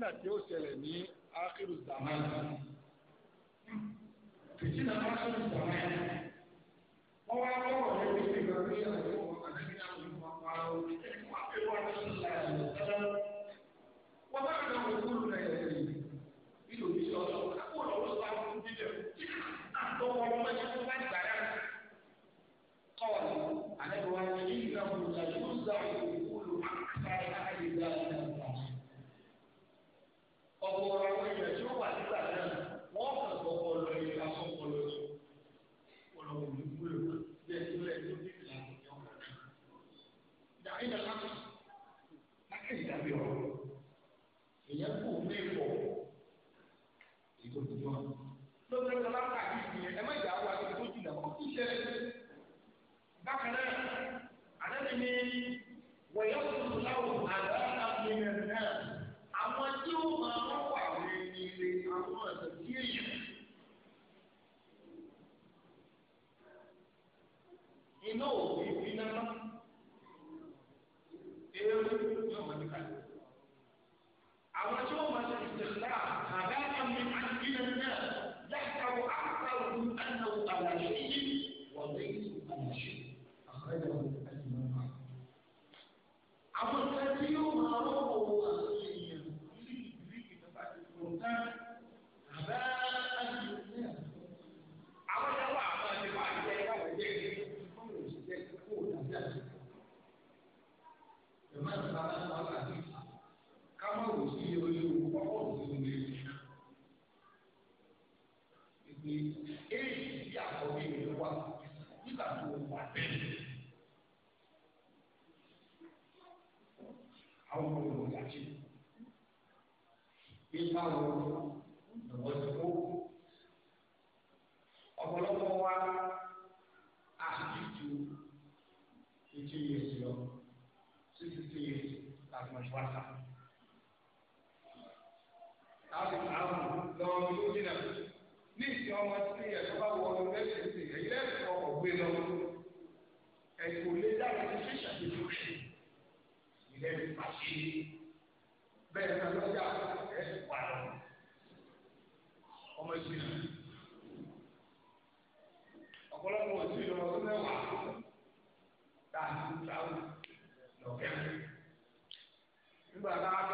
fìtínà tí ó ṣẹlẹ̀ ní ákírù zaman fìtínà ákírù zaman wọ́n wá lọ́wọ́ lórí ìgbàgbé àti ìyàwó lọ́wọ́ ti kó. ọ̀pọ̀lọpọ̀ wa àti ju ìtì yèsì lọ sí títí yèsì láti mọ̀ ìwà sá. láti àwọn lọ́wọ́ tó jìnnà ní ìsìn ọmọ tí ẹ̀ka bá wọ ọdún lẹ́sìn sí èyí lẹ́sìn ọkọ̀ gbé lọ. ẹ̀kọ́ lé dára ní ṣíṣàdéjọ́ rẹ̀ ìlẹ́rìí pàṣẹ bẹ́ẹ̀ ni ọlọ́jà. parọ́ ọmọ ìsìn náà ọ̀pọ̀lọpọ̀ òsì lọ́wọ́ tó mẹ́wàá tá a ti ń ta ọ̀nà ọ̀kẹ́ nígbà tá a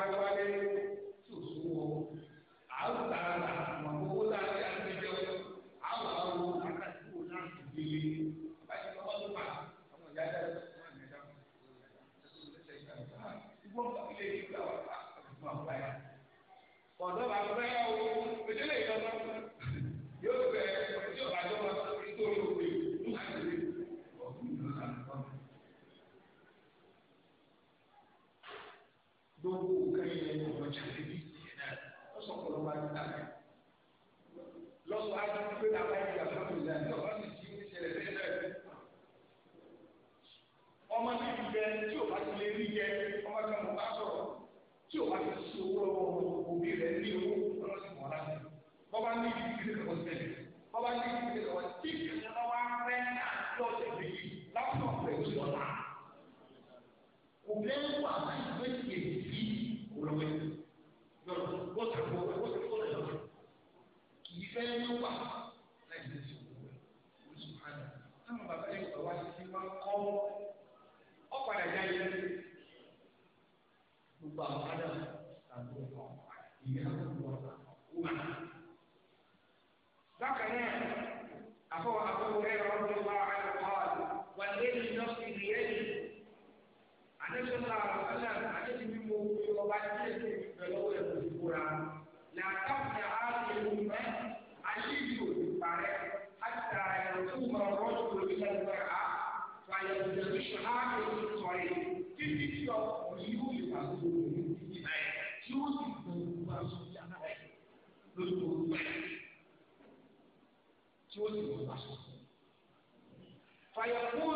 tí ó sì wọ́n bá. fàyẹ̀kú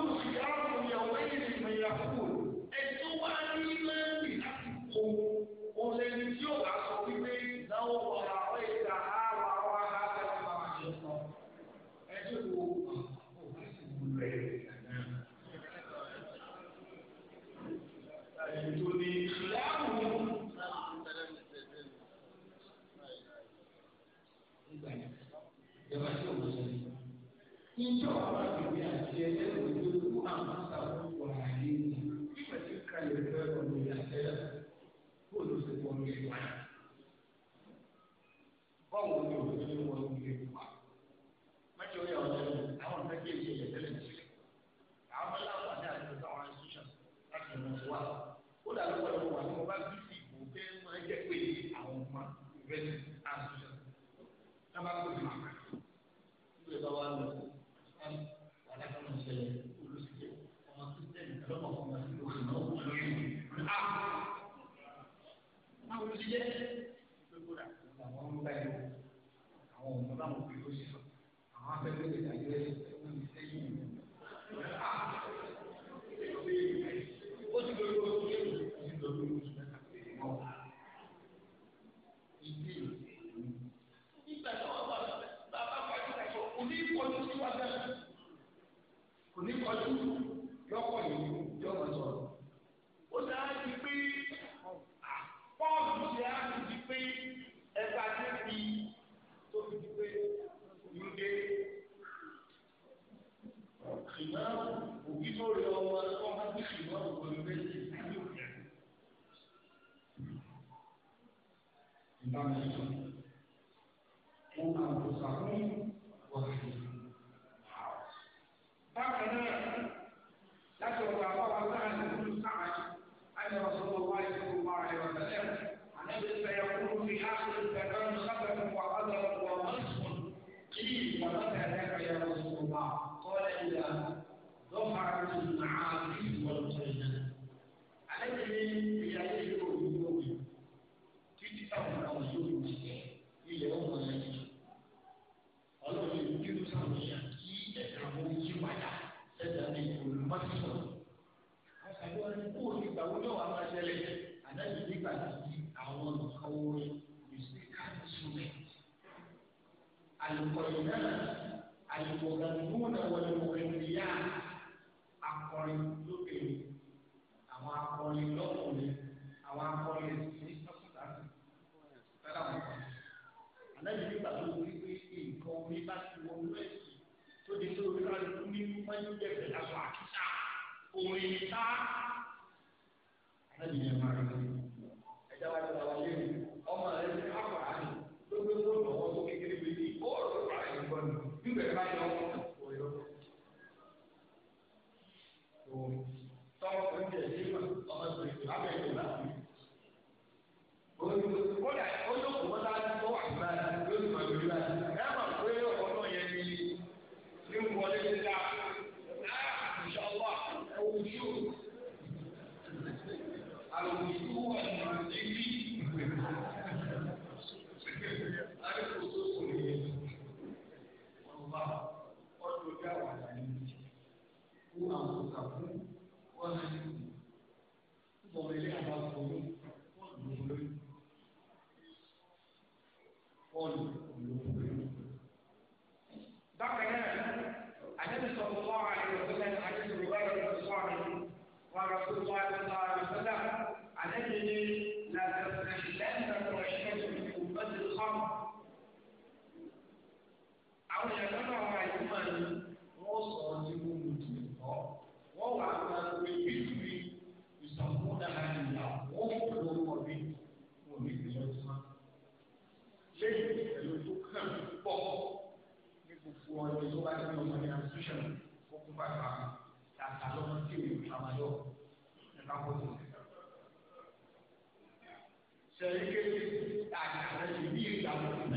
àti bí ìgbà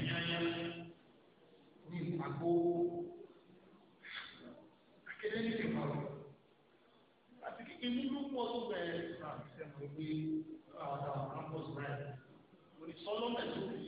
yányá ní àgbo akéde ní ti fọlọ àti kíkẹ nínú pọ̀ tó bẹ̀rẹ̀ àti sẹ́wọ̀n gbé àwọn àwọn àpọ̀ sọ̀rọ̀ ẹ̀ mo ní sọ́lọ́mẹ̀ tó fi.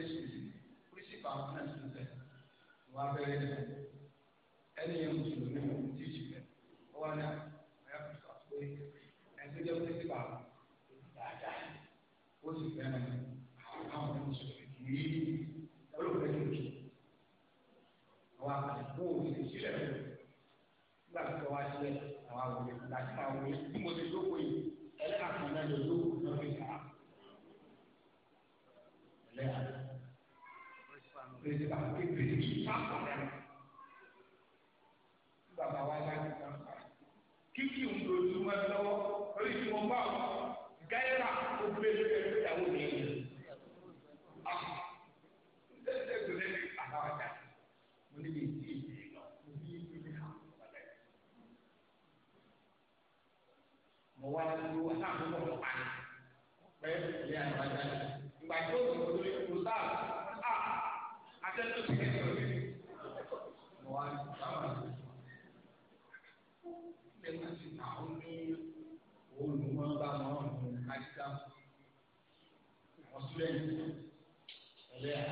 Jésù kírísìpà náà sùn sẹ wọn abẹ́rẹ́ ẹni yẹn mùsùlùmí mọ títì rẹ wọn náà. ariwo náà tó lọ́wọ́ pa ni pé ilé àgbàjá ni ìgbà tó o lò lórí kò sáà á ah, atẹ́tù ti kẹ́kẹ́ lórí mo wá sábà lẹ́gbà tí àwọn ní olùmọ̀ọ́gbà náà ní kájíkà wọ́n sílẹ̀ ẹlẹ́yà.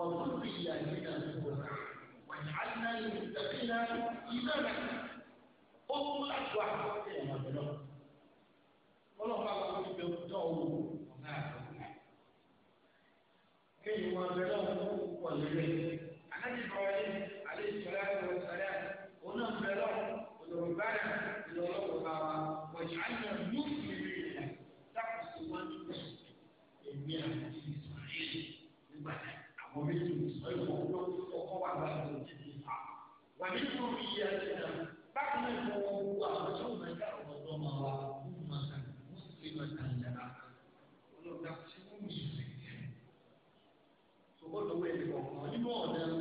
وذرية من الزرع واجعلنا للمتقين إماما فضل الأشواح إلى ما بلغ ولو قال الله بيوتوه وما كي ما بلغه ولله ومثل صيغ وقوى بعض ومثل رياتنا بعد هو ثم تعظمها أمة مسلمة لنا ولو تقسموا مسلمين فقلت وين نقول نقول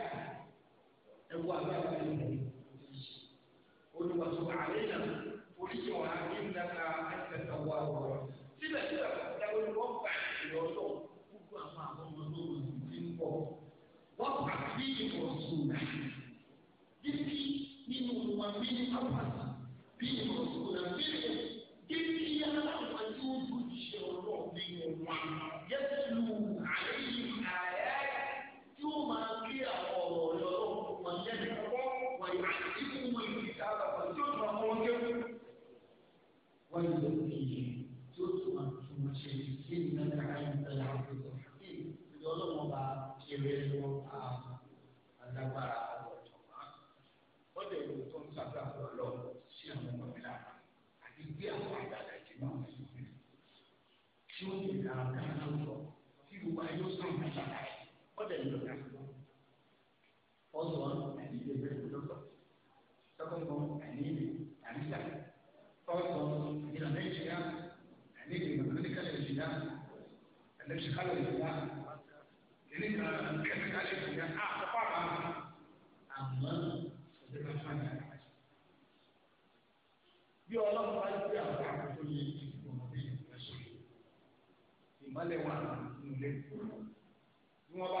jà ẹwọ agbára rẹ mọ olùwàsó àlẹyà oríṣi wọn àti ìlànà àtẹtẹ wà wọrọ síbẹ̀ síbẹ̀ kọkọtà olùwọ gbà ìyọsọ gbogbo àwọn àwọn ọmọ tó wù sí ń bọ wọn kà sí ìwọsùn náà bíbí nínú wọn bí apàtà bí ìwọsùn náà bí bíbí yára wọn tí ó dùn ṣe ọlọ́ọ̀ bí wọn wà yẹtù. gbé àwọn àgbàdo ẹ̀jẹ̀ bá wọn sùn tí ó lè dára dára lọ tí gbogbo ayé ó sàn máa ṣàlá ẹ̀ ọ̀dẹ̀ ló dá ọ̀sọ̀ ẹ̀mí lè bẹ̀rẹ̀ lọ́sọ̀ sọ́kọ̀kọ̀ ẹ̀mí lè ẹ̀mí lè ọ̀sọ̀ ìlànà ìṣẹ̀dá ẹ̀mí lè mọ̀tò ní kálẹ̀ ìṣẹ̀dá ẹ̀lẹ́ṣẹ̀kálẹ̀ ìṣẹ̀dá. lẹ̀ wà nílé bí wọ́n bá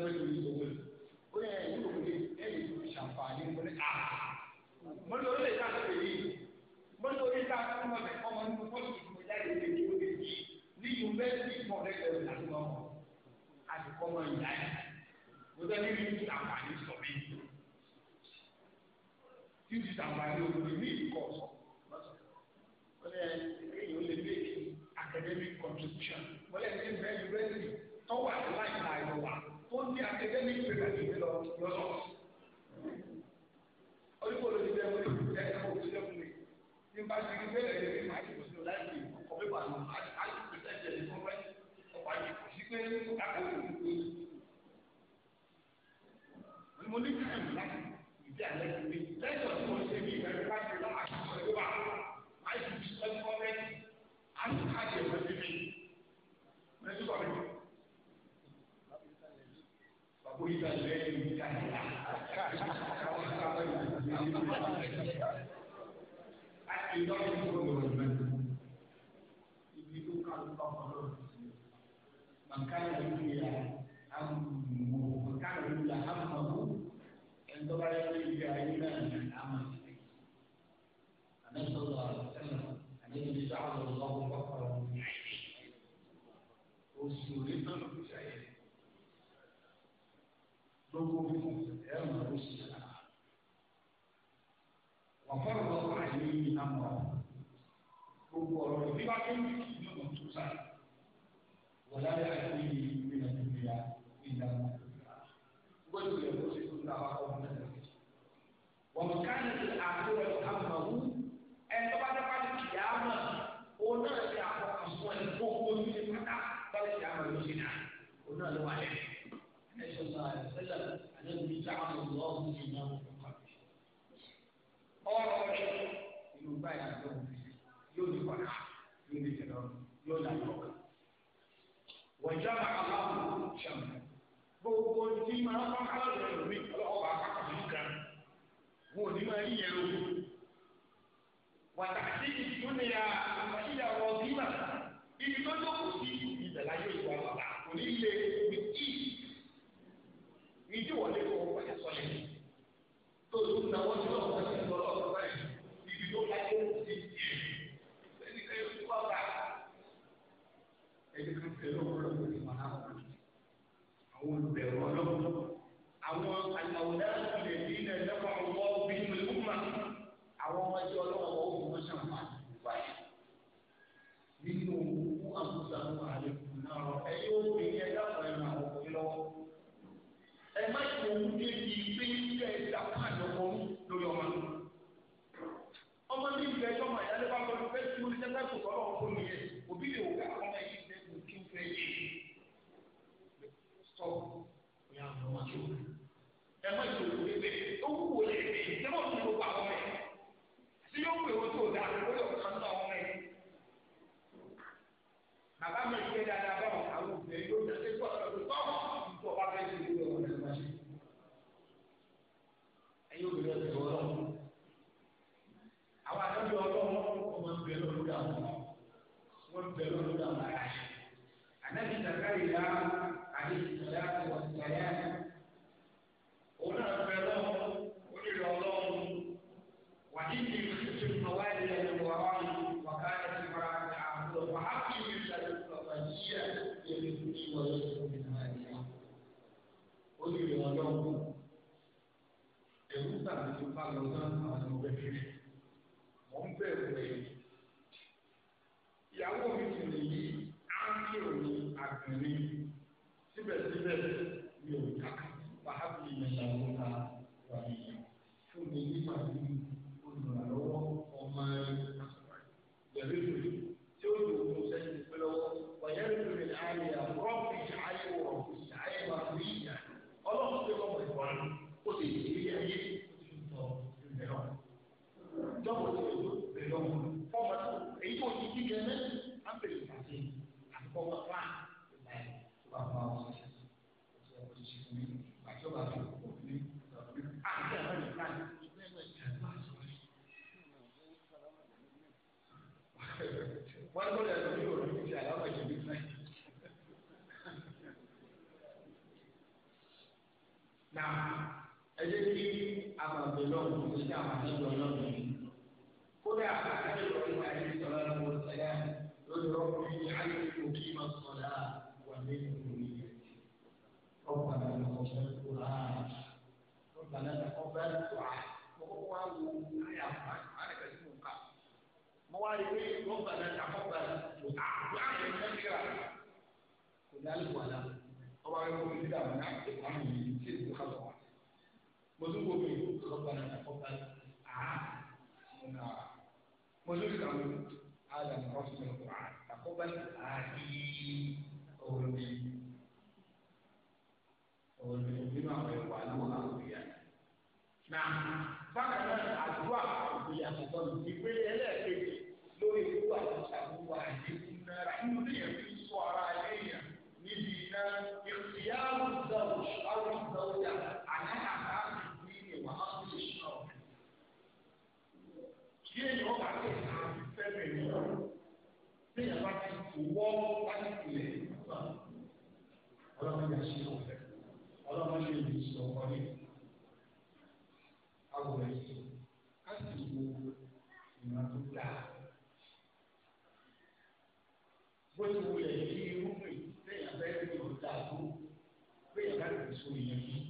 ló lè rí owó yìí ó yẹ ẹ̀yìn òkúté ẹ̀yìn tó ṣàǹfààní mo ní mo ní orílẹ̀ èdè àti èyí mo ní orílẹ̀ èdè àti ọmọ mi ọmọ nínú fọ́ọ̀tù ìgbìmọ̀ jáde lè ní orí yìí ní yunifásitì mọ̀ lẹ́gbẹ̀rún láti mọ̀ ọ́ àti kọ́mọ ìyá yìí mo tẹ́ ní ní àǹfààní sọ mi orí bá lọ ẹni ní káyà káwọn sábà yóò fi ní ìlú rẹ. a wọlé ayé àti ìlú ìlú nàìjíríà ìdáná gbọ́dọ̀ yẹ kó ṣe tuntun àwọn akọ fún ẹsẹ wọn ká ní ti àti rẹ àmàwù ẹtọ bá dábàá ní kìyàmà òun náà ti àkọ àwọn ẹni gbogbo ní ti pátá báyìí kìyàmà ló ṣe náà òun náà ló wà lẹ ẹsẹ ọgbà ẹsẹlẹ àdébùbí tí àwọn ọmọ ọhún ti náà wọn kọ ọ̀rọ̀ rẹ ìlú báyìí àti ọhún yóò ní kọlá yóò ní wọ̀já aláwọ̀ ṣàmì gbogbo tí máa bá aláwọ̀ ẹlòmí ọlọ́wọ́ àpapọ̀ nìkan wọn ò ní máa yíyan o wàtàkì ìdúnnìyà. pé wo ní irúgbìn lẹ́yìn abẹ́rẹ́ yóò dáa tó lẹ́yìn abẹ́rẹ́ kò so ìyẹn yìí.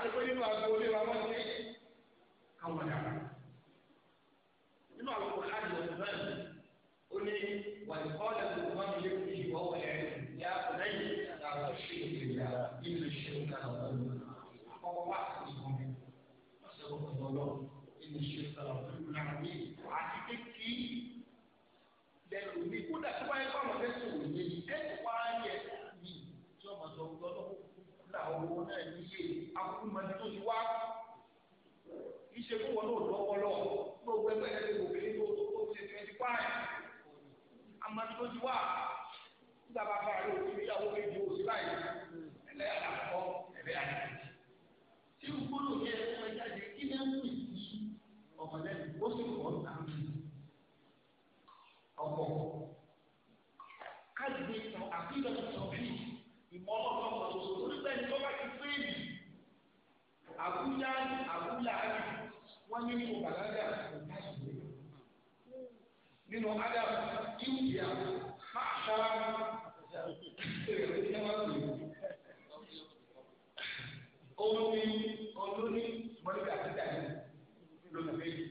àti pé nínú agbo oníra wọn ti káwọn dàgbà. akúmọdé tó ti wá iṣẹ́ fún wọn náà lọ́pọ̀lọ́ gbogbo ẹgbẹ́ ẹgbẹ́ obìnrin tó tó tó ṣe twenty five amadu tó ti wá nígbà bàbá rẹ òfin ìyàwó méjì òsì báyìí ẹlẹ́yà làkọ́ ẹlẹ́yà làkọ́ tí o gbọ́dọ̀ yẹ ẹ̀kọ́ jáde kí lẹ́ ń pè sí ọ̀pọ̀. láàyè àbúlà áyè wọ́n ní nínú bàlágà nínú adam india máa ṣáá olómi olómi mọ́lẹ́kà ti dà ní lọ́nà méjì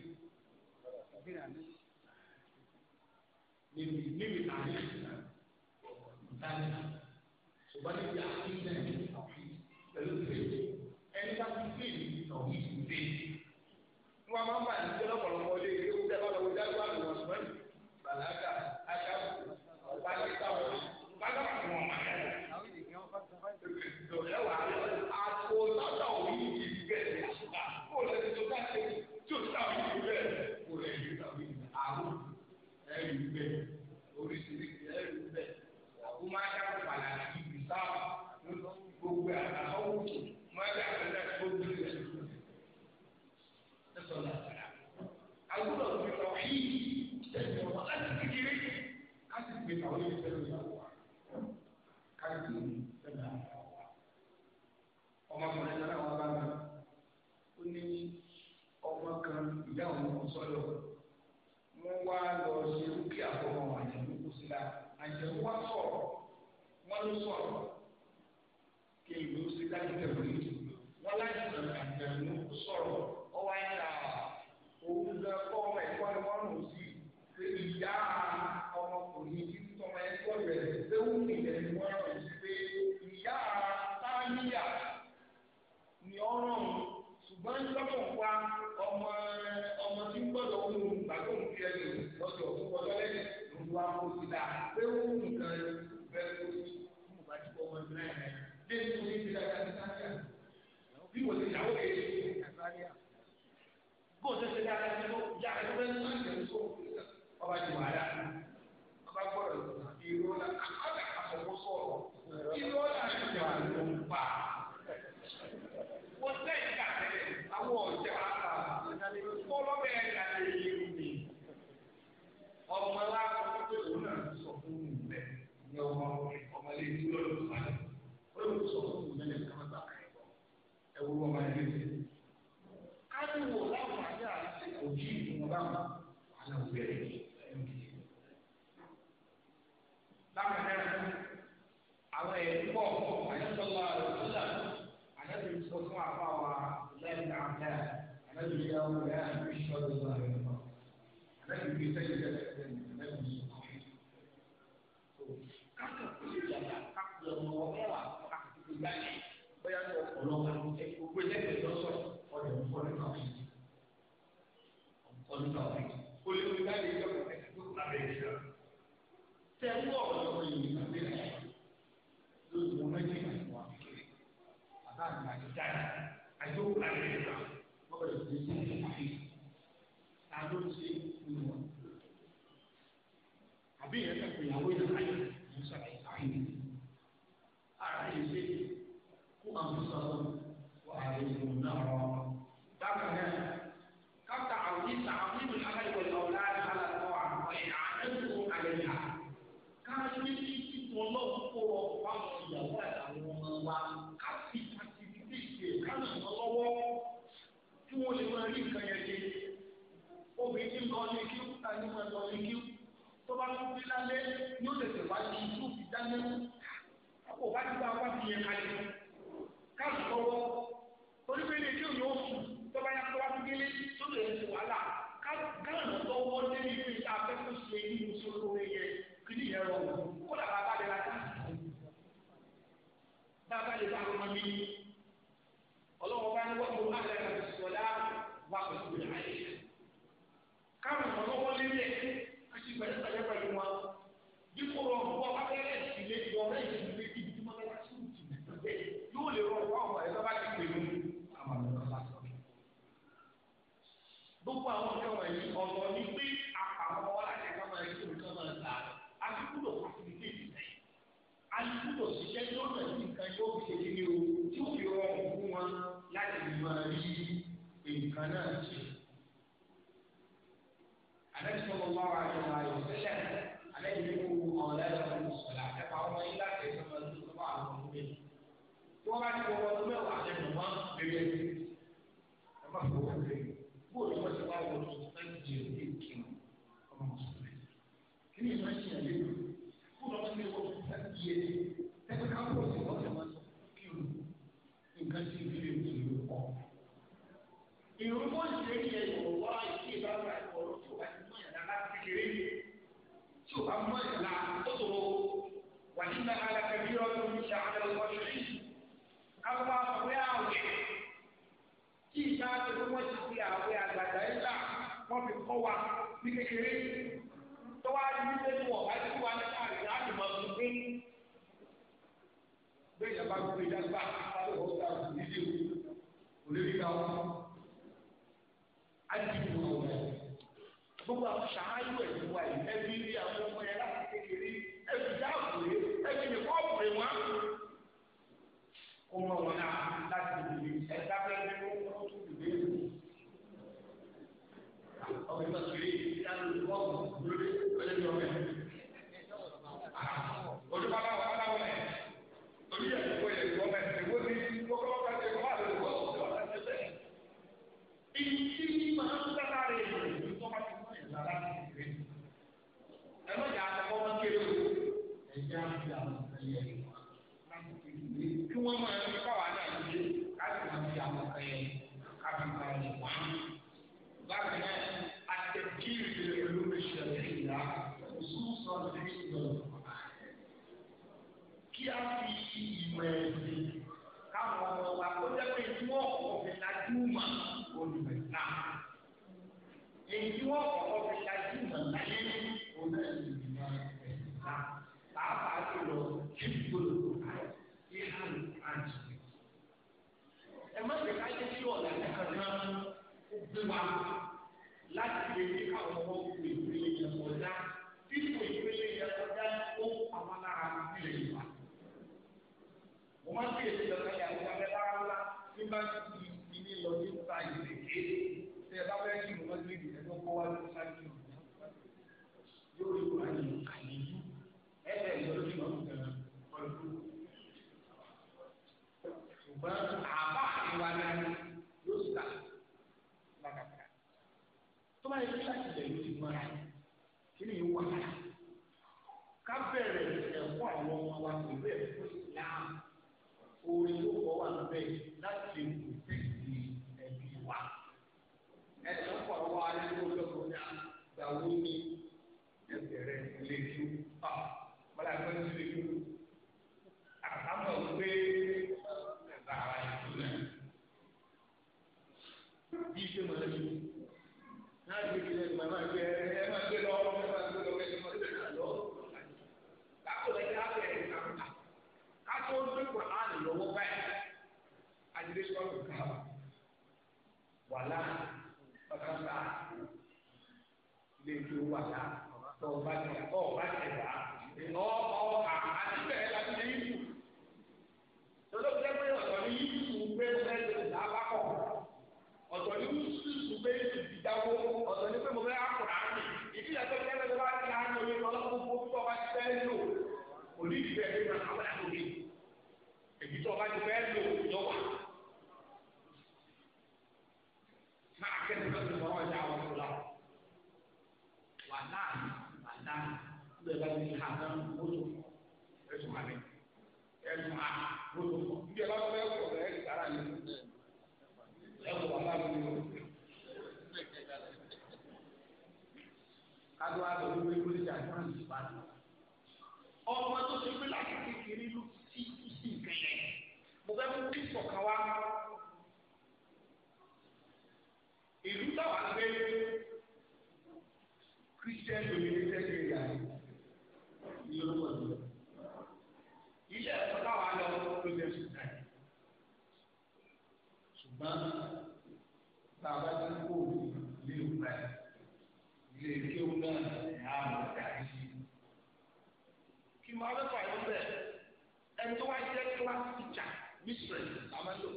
níbi níbi àárín ìlànà ìlànà ṣùgbọ́n níbi àárín. wọn máa ń bà ní jẹ́ lọ́pọ̀lọpọ̀ dáná àpò bá ti bá wá ti yẹ kalẹ̀ ọ̀nà yìí nǹkan yóò fi ṣe ní o tí ó fi rọrùn fún wọn láti máa rí nǹkan náà ṣe. àdàbí sọ́kọ̀ wá wà ní ọ̀rọ̀ àyọ̀ ìrún tó ń ṣe ní ẹ̀yọ̀ wá ìṣe ìbára ẹ̀kọ́ ló tó bá ti mú ẹ̀dá láti kékeré tí ò bá mú ẹ̀dá la ó tó wọ́ wà nígbà alákẹ́bí ọdún ṣe àdàlùkọ́ ṣẹlẹ̀ àwọn àwẹ̀ àwẹ̀ tí ìta tó tó wọ́n ti fi àwẹ̀ àgbàdà ẹ̀dá wọ́n fi kọ́ wa ní kékeré tó wá ní sẹ́nu ọ̀bá tí wà ní káàkiri láti mọ̀ tó pé bẹ́ẹ̀ yàrá gbé yàrá gbà àdìbò ọ̀nà gbogbo àwọn ṣáájú ẹ̀sìn wa yìí ẹbí rí àwọn ọmọ yẹn láti kékeré ẹbí dáàbò rẹ ẹbí ní kọ́ọ̀pù rẹ wọn kó mọ wọn náà. wọ́n máa ń kọ́ wa náà lóde láti máa fi àwọn ẹ̀ kábíyà rẹ̀ wá. Bákan náà, àtẹ̀kí ìrìnlẹ̀ olóṣèlú ìlà òṣùwọ̀n sọ̀rọ̀ ní ìlọrin. Kí a fi ìmọ̀ ẹ̀sìn káwọn ọmọ wa kó jẹ́ pé tí wọ́n kọ̀ ọ̀fẹ́ lajú mà olùwẹ̀ náà. Èyí tí wọ́n kọ̀ ọ̀fẹ́ sí wa láti lè ní. Gracias. wàhálà pàtàkà ilé tó wàhálà ọba tẹ ọba tẹ wá ọ ọ àti la ti lè yí kù lọ́dọ̀ tẹ́ pé ọ̀tọ̀ ni yí pé bẹ́ẹ̀ lè dá bá kọ̀ ọ̀tọ̀ ni yí kù pé ọ̀tọ̀ ni pé mo fẹ́ àkùrà ìdí ìyàtọ̀ tẹ́ pé bá ti hàn mí ọlọ́kùn fún mi ọba ti fẹ́ káàdó àgbà wíwé wíwé ìjà ní wọn yìí padà ọmọ tó ṣe pé láti kékeré ló sí sí nǹkan yẹn mo fẹ́ fún kíkọ̀ kan wá ìlú táwa gbé christian dominated area ní orúkọ ìlú ilé ẹ̀kọ́ táwa lọ ló dé sùn náà ṣùgbọ́n bàbá máa bẹ fà yín bẹ ẹni tó wá jẹ kílásì tìjà mistress àmàlò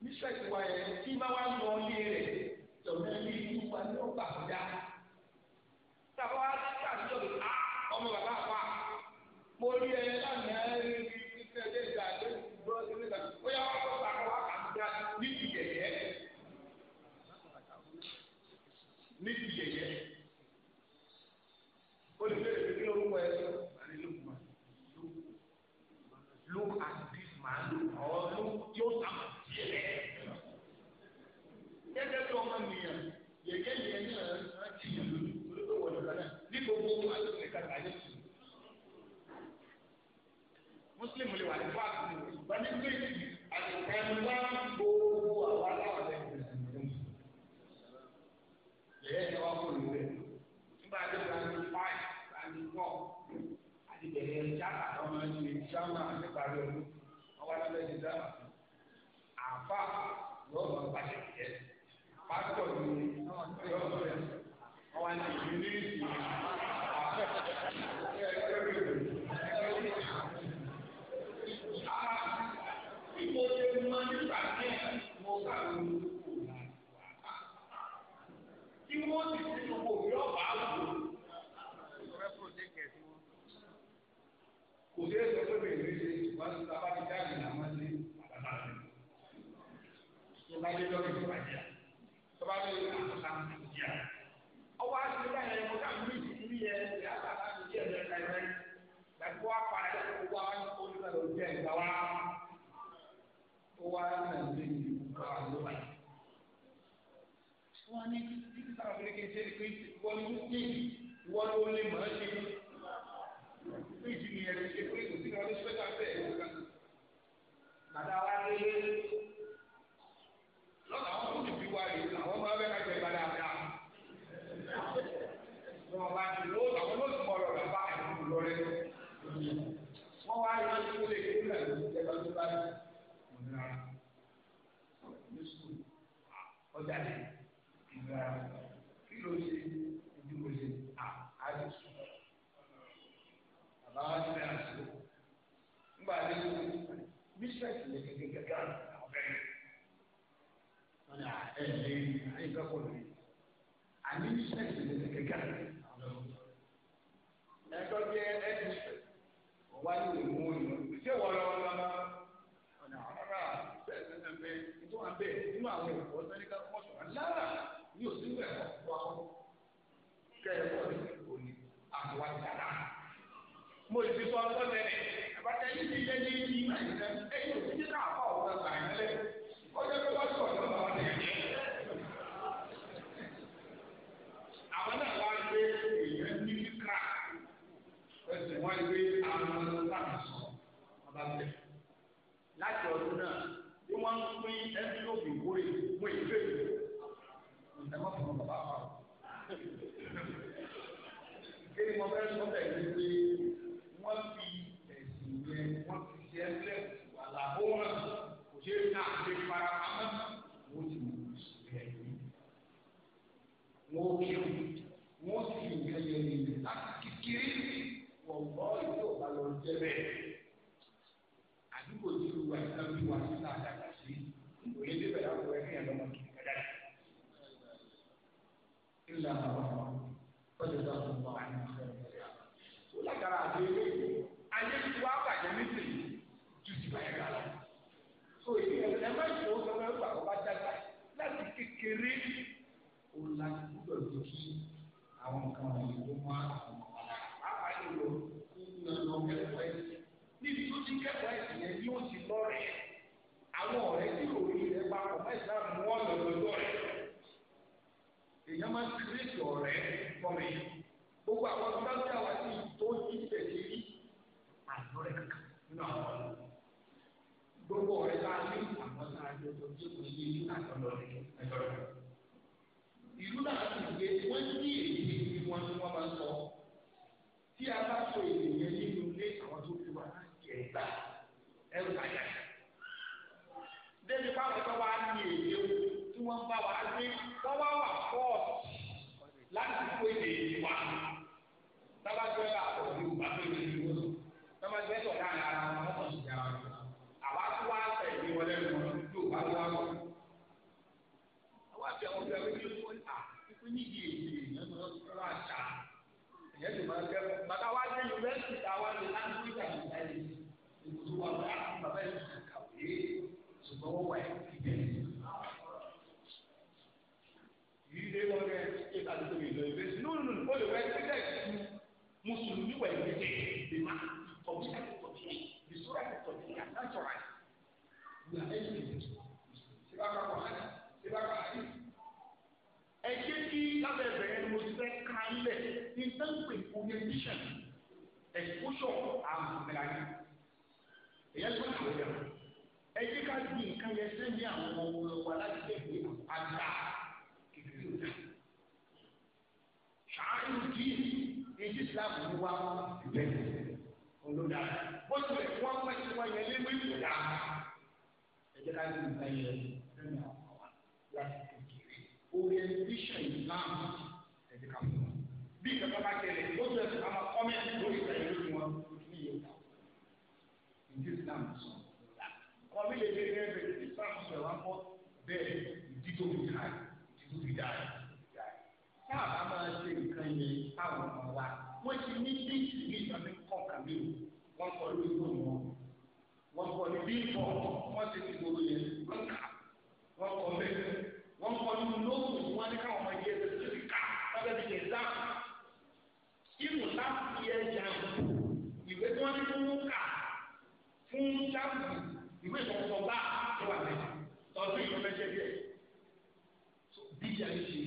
mistress wa yẹ tí bá wà lọ ilé rẹ tọ̀nà ilé ìlú wa ní ọgbà kọjá tàbá wà láti àtijọ́ bí a ọmọ bàbá àpá mo rí ẹ lánàá ẹ rí ẹ ẹ rí ẹ rí ẹ ẹ rí ẹ rí ẹ rí ẹ dé lọ́kẹ́ tó bàjẹ́ tó bá dé àkọsá tó bàjẹ́ ọwọ́ àṣìlá yẹn mo kà mí ìdílé yẹn ní àtàlà mi díẹ̀ ní ẹ̀ka ẹ̀rẹ́ lẹ́kọ́ wá para ẹ̀ kó wá ní olùkọ́ ló jẹ́ ìgbà wá tó wá ní nàìjíríà wọ́n ní títí sáà fún mi kí n ṣe é pé wọ́n ní wọ́n ní lè mọ̀ ẹ́ jáde ìgbà kí ló ṣe ojú mo ṣe à á sùn bàbá wa ti bẹ̀rẹ̀ àṣìlò ńgbà tí ó ṣe lè ṣe gẹ́gẹ́ àwọn bẹ̀rẹ̀ wọn ni à ẹ̀ lè ní àyíká kọ̀ lórí àní bísíǹsì lè ṣe gẹ́gẹ́ kẹ́ ẹ wọ́n ní òní àtúwájú dáadáa. mo ti sọ ọgbọ́n mẹ́rin. kékeré o la ti gbúdọ̀ jẹ́ kí àwọn nǹkan wọ̀nyí tó máa àwọn ọmọ wa lára. Bàbá yìí lọ fún ìlànà kẹ́kọ̀ọ́ ẹ̀sìn. Níbi tó ti kẹ́kọ̀ọ́ ẹ̀sìn yẹn yóò ti lọ rẹ̀. Àwọn ọ̀rẹ́ tí kò rí rẹ̀ papọ̀ mọ́ ìsá mú ọ̀nà lọ́dọ̀ rẹ̀. Èèyàn máa ń ti rí ìtọ̀ rẹ̀ fọ́ mi. Gbogbo àwọn tó bá ń dáwà sí tó ti tẹ̀ sí àjọrẹ̀ kankan nínú àwọn ọ̀rẹ́. Gbogbo ọ̀rẹ́ láti àwọn sáà ìlú náà ti gbé wọ́n ní èdè tí wọ́n ní wọ́n bá sọ tí a bá sọ èdè yẹn nínú ilé àwọn tó fi wá jẹ gbà ẹrù àyà débi báwọn tó wá ní èdè tí wọ́n bá wá gbé wọ́n wá wà fọ́ọ̀tì láti kó èdè wa. to be innovation. No, no, no. All the way to Mùsùlùmí were innovated. They were committed to continue. The story is continuing and natural. We are educated. Sibaka Kọ̀hánà, Sibaka Hadi. Ẹ jẹ́ kí lábẹ́bẹ̀ ẹni mo ti fẹ́ ká lẹ̀ ní tẹ́ǹpì orientation exposure and melanin. Èyẹ́ ló ń kàwé yàrá. Ẹ jẹ́ ká di nǹkan yẹn sẹ́ni àwọn ọmọ wa láti tẹ̀lé àgbà. nínú díì èyí ìsìlámù ní wá ìbẹ̀rẹ̀ olódà wọ́n ti bẹ̀rẹ̀ wọ́n pẹ́ tí wọ́n yẹ léwé ìgbòdà ẹ̀jẹ̀ ká ní ìgbà yẹ lẹ́nu àwọn àwọn láti kékeré orientation islam ẹ̀jẹ̀ ká fún wọn bí ìjọba bá kẹlẹ̀ ó ti ẹ̀sìn àwọn kọ́mẹ́ntì lórí ìgbà yẹn lórí wọn ní iye ìgbà ìdí islam sọ wọn bí lè lè lè bẹ̀rẹ̀ islam sọ wọn kọ́ bẹ́ẹ̀ ìdí tó fi dáa ìdí tó fi dáa tá a bá máa ṣe nǹkan yẹn táwọn ọmọ wa wọ́n ti ní déètì ní ìjọba kọ̀ọ̀kan mi wọ́n kọ́ lórí ìlú wọn wọ́n kọ́ ní bíbọ̀ wọ́n ti ti gbòòrò yẹn wọ́n kà wọ́n kọ́ bẹ́ẹ̀ wọ́n kọ́ nínú lóògùn tí wọ́n ní káwọn ọmọ yẹn ti ti kà lábẹ́ ti yẹn dá ìlú láti yẹ jà ìwé tí wọ́n ní fún kà fún dáàbò ìwé ìfọwọ́sọ bá wà lẹ́yìn tọ́jú ìfọwọ́sọ bẹ́ẹ̀ bí ìyá yìí ṣe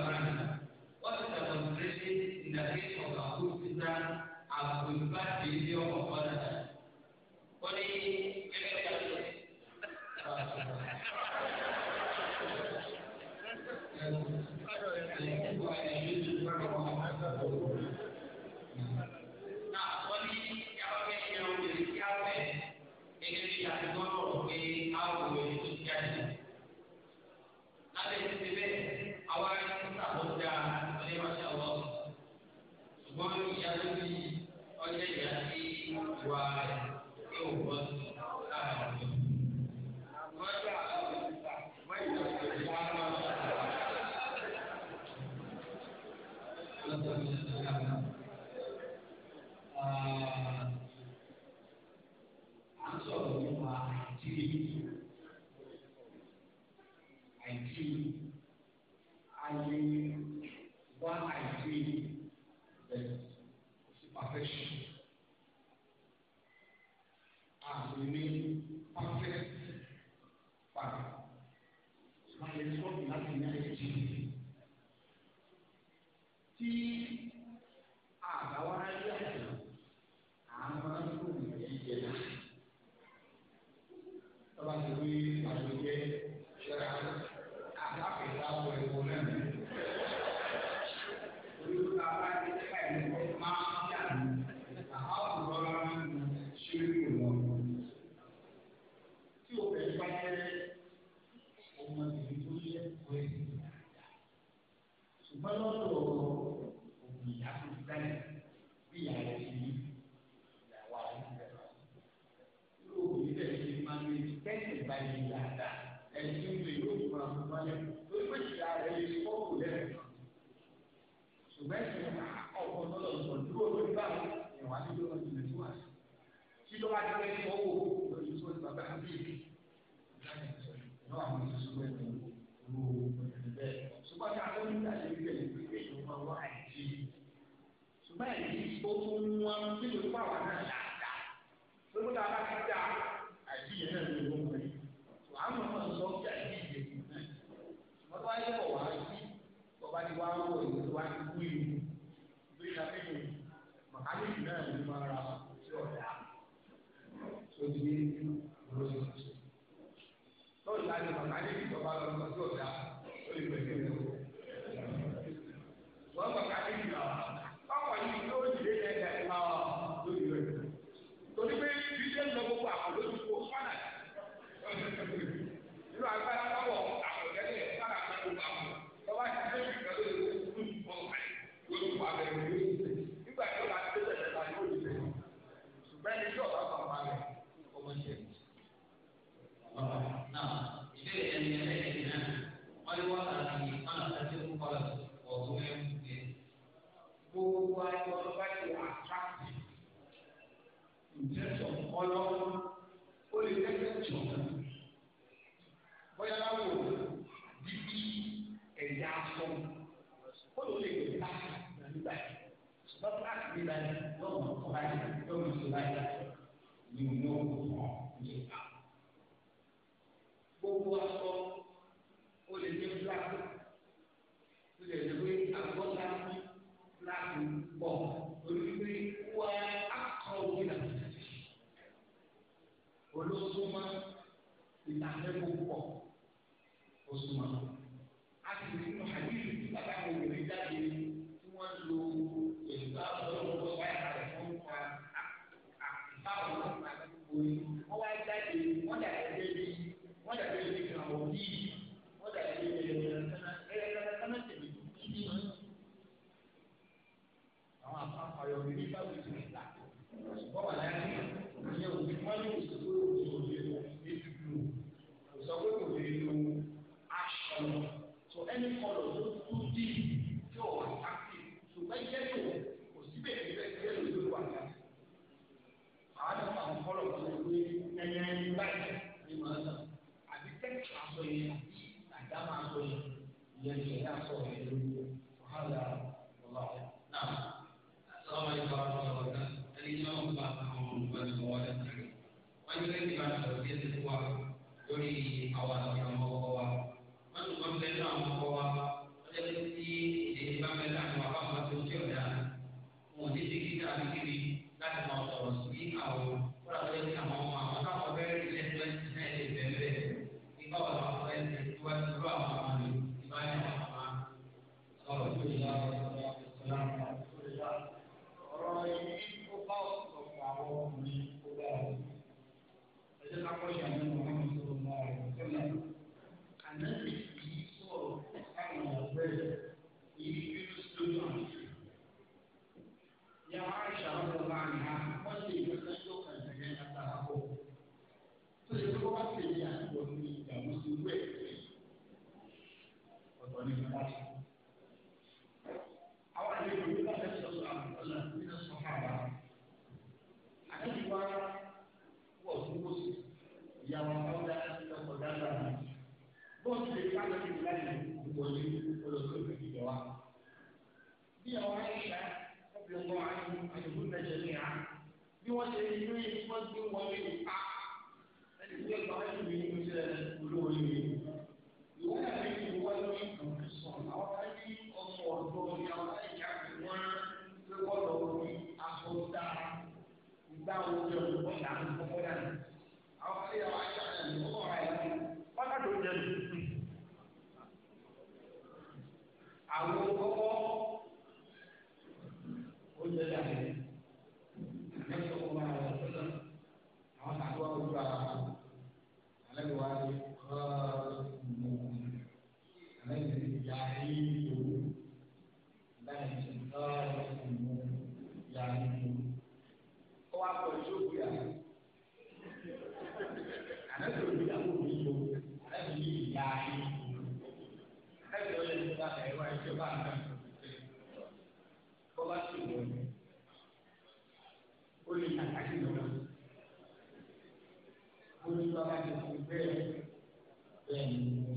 Abraham. ẹni ń lo yóò fi máa fún wọn lẹ́nu lórí pé ìyá rẹ̀ lè fi kọ́kù lẹ́nu. ṣùgbọ́n ẹ̀sìn ọkọ̀ tọ́lọ̀ sọ dúró lórí báwọn ìwà nílò ìlẹ̀ tó wà sí. kí wá dúró ẹni tí ló ń gbà lé ilé ìgbé èèyàn máa wá àìjí. ṣùgbọ́n ẹ̀yìn ó tún wọn lè ṣàkàṣì lọ́wọ́. Olùsọ̀rọ̀ àti ìfẹ́ bẹ́ẹ̀ ni.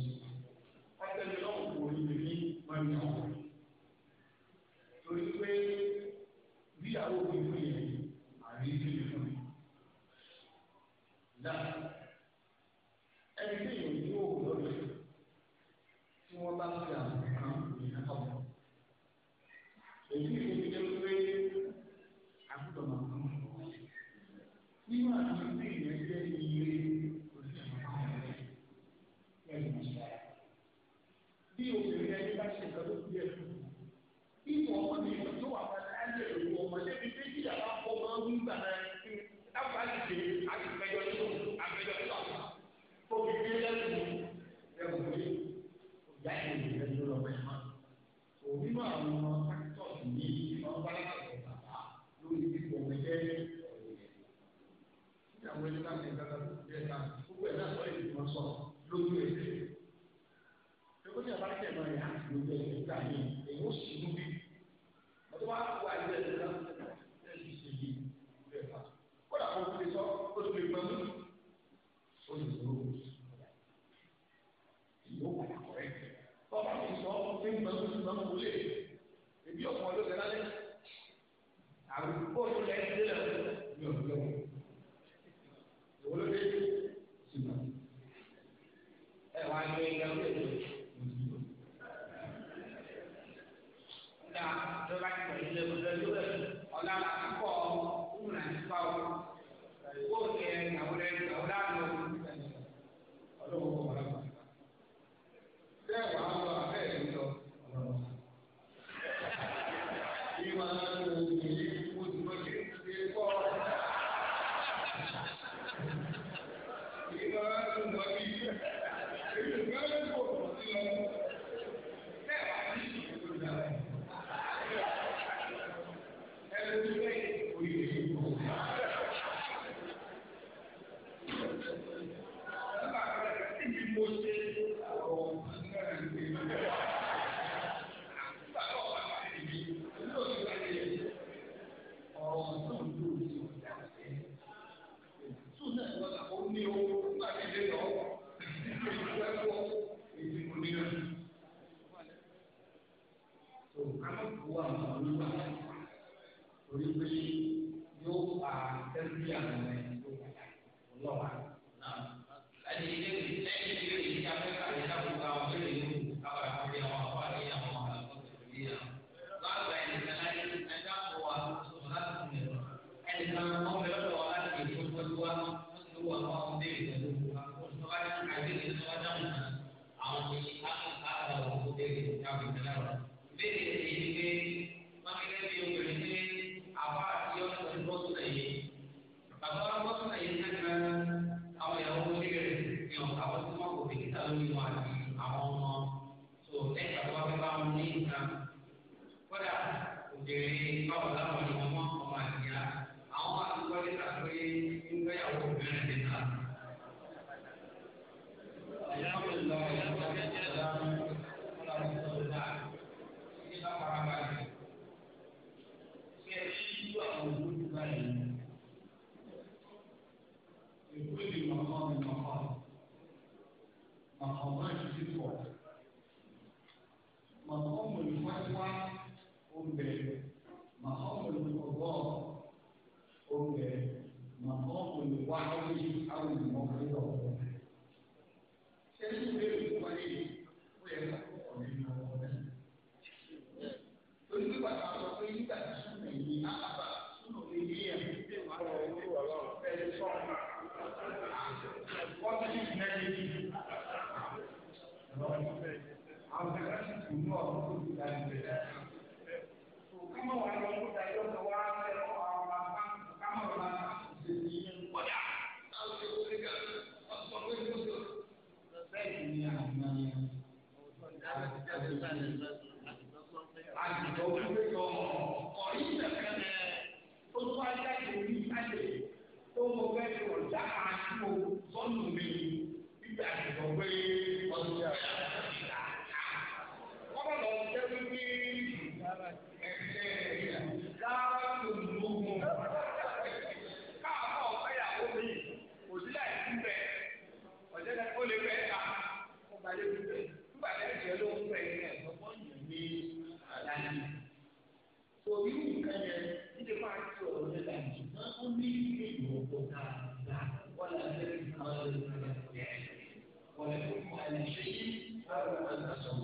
ولا تكن على شيء أو أن تصوم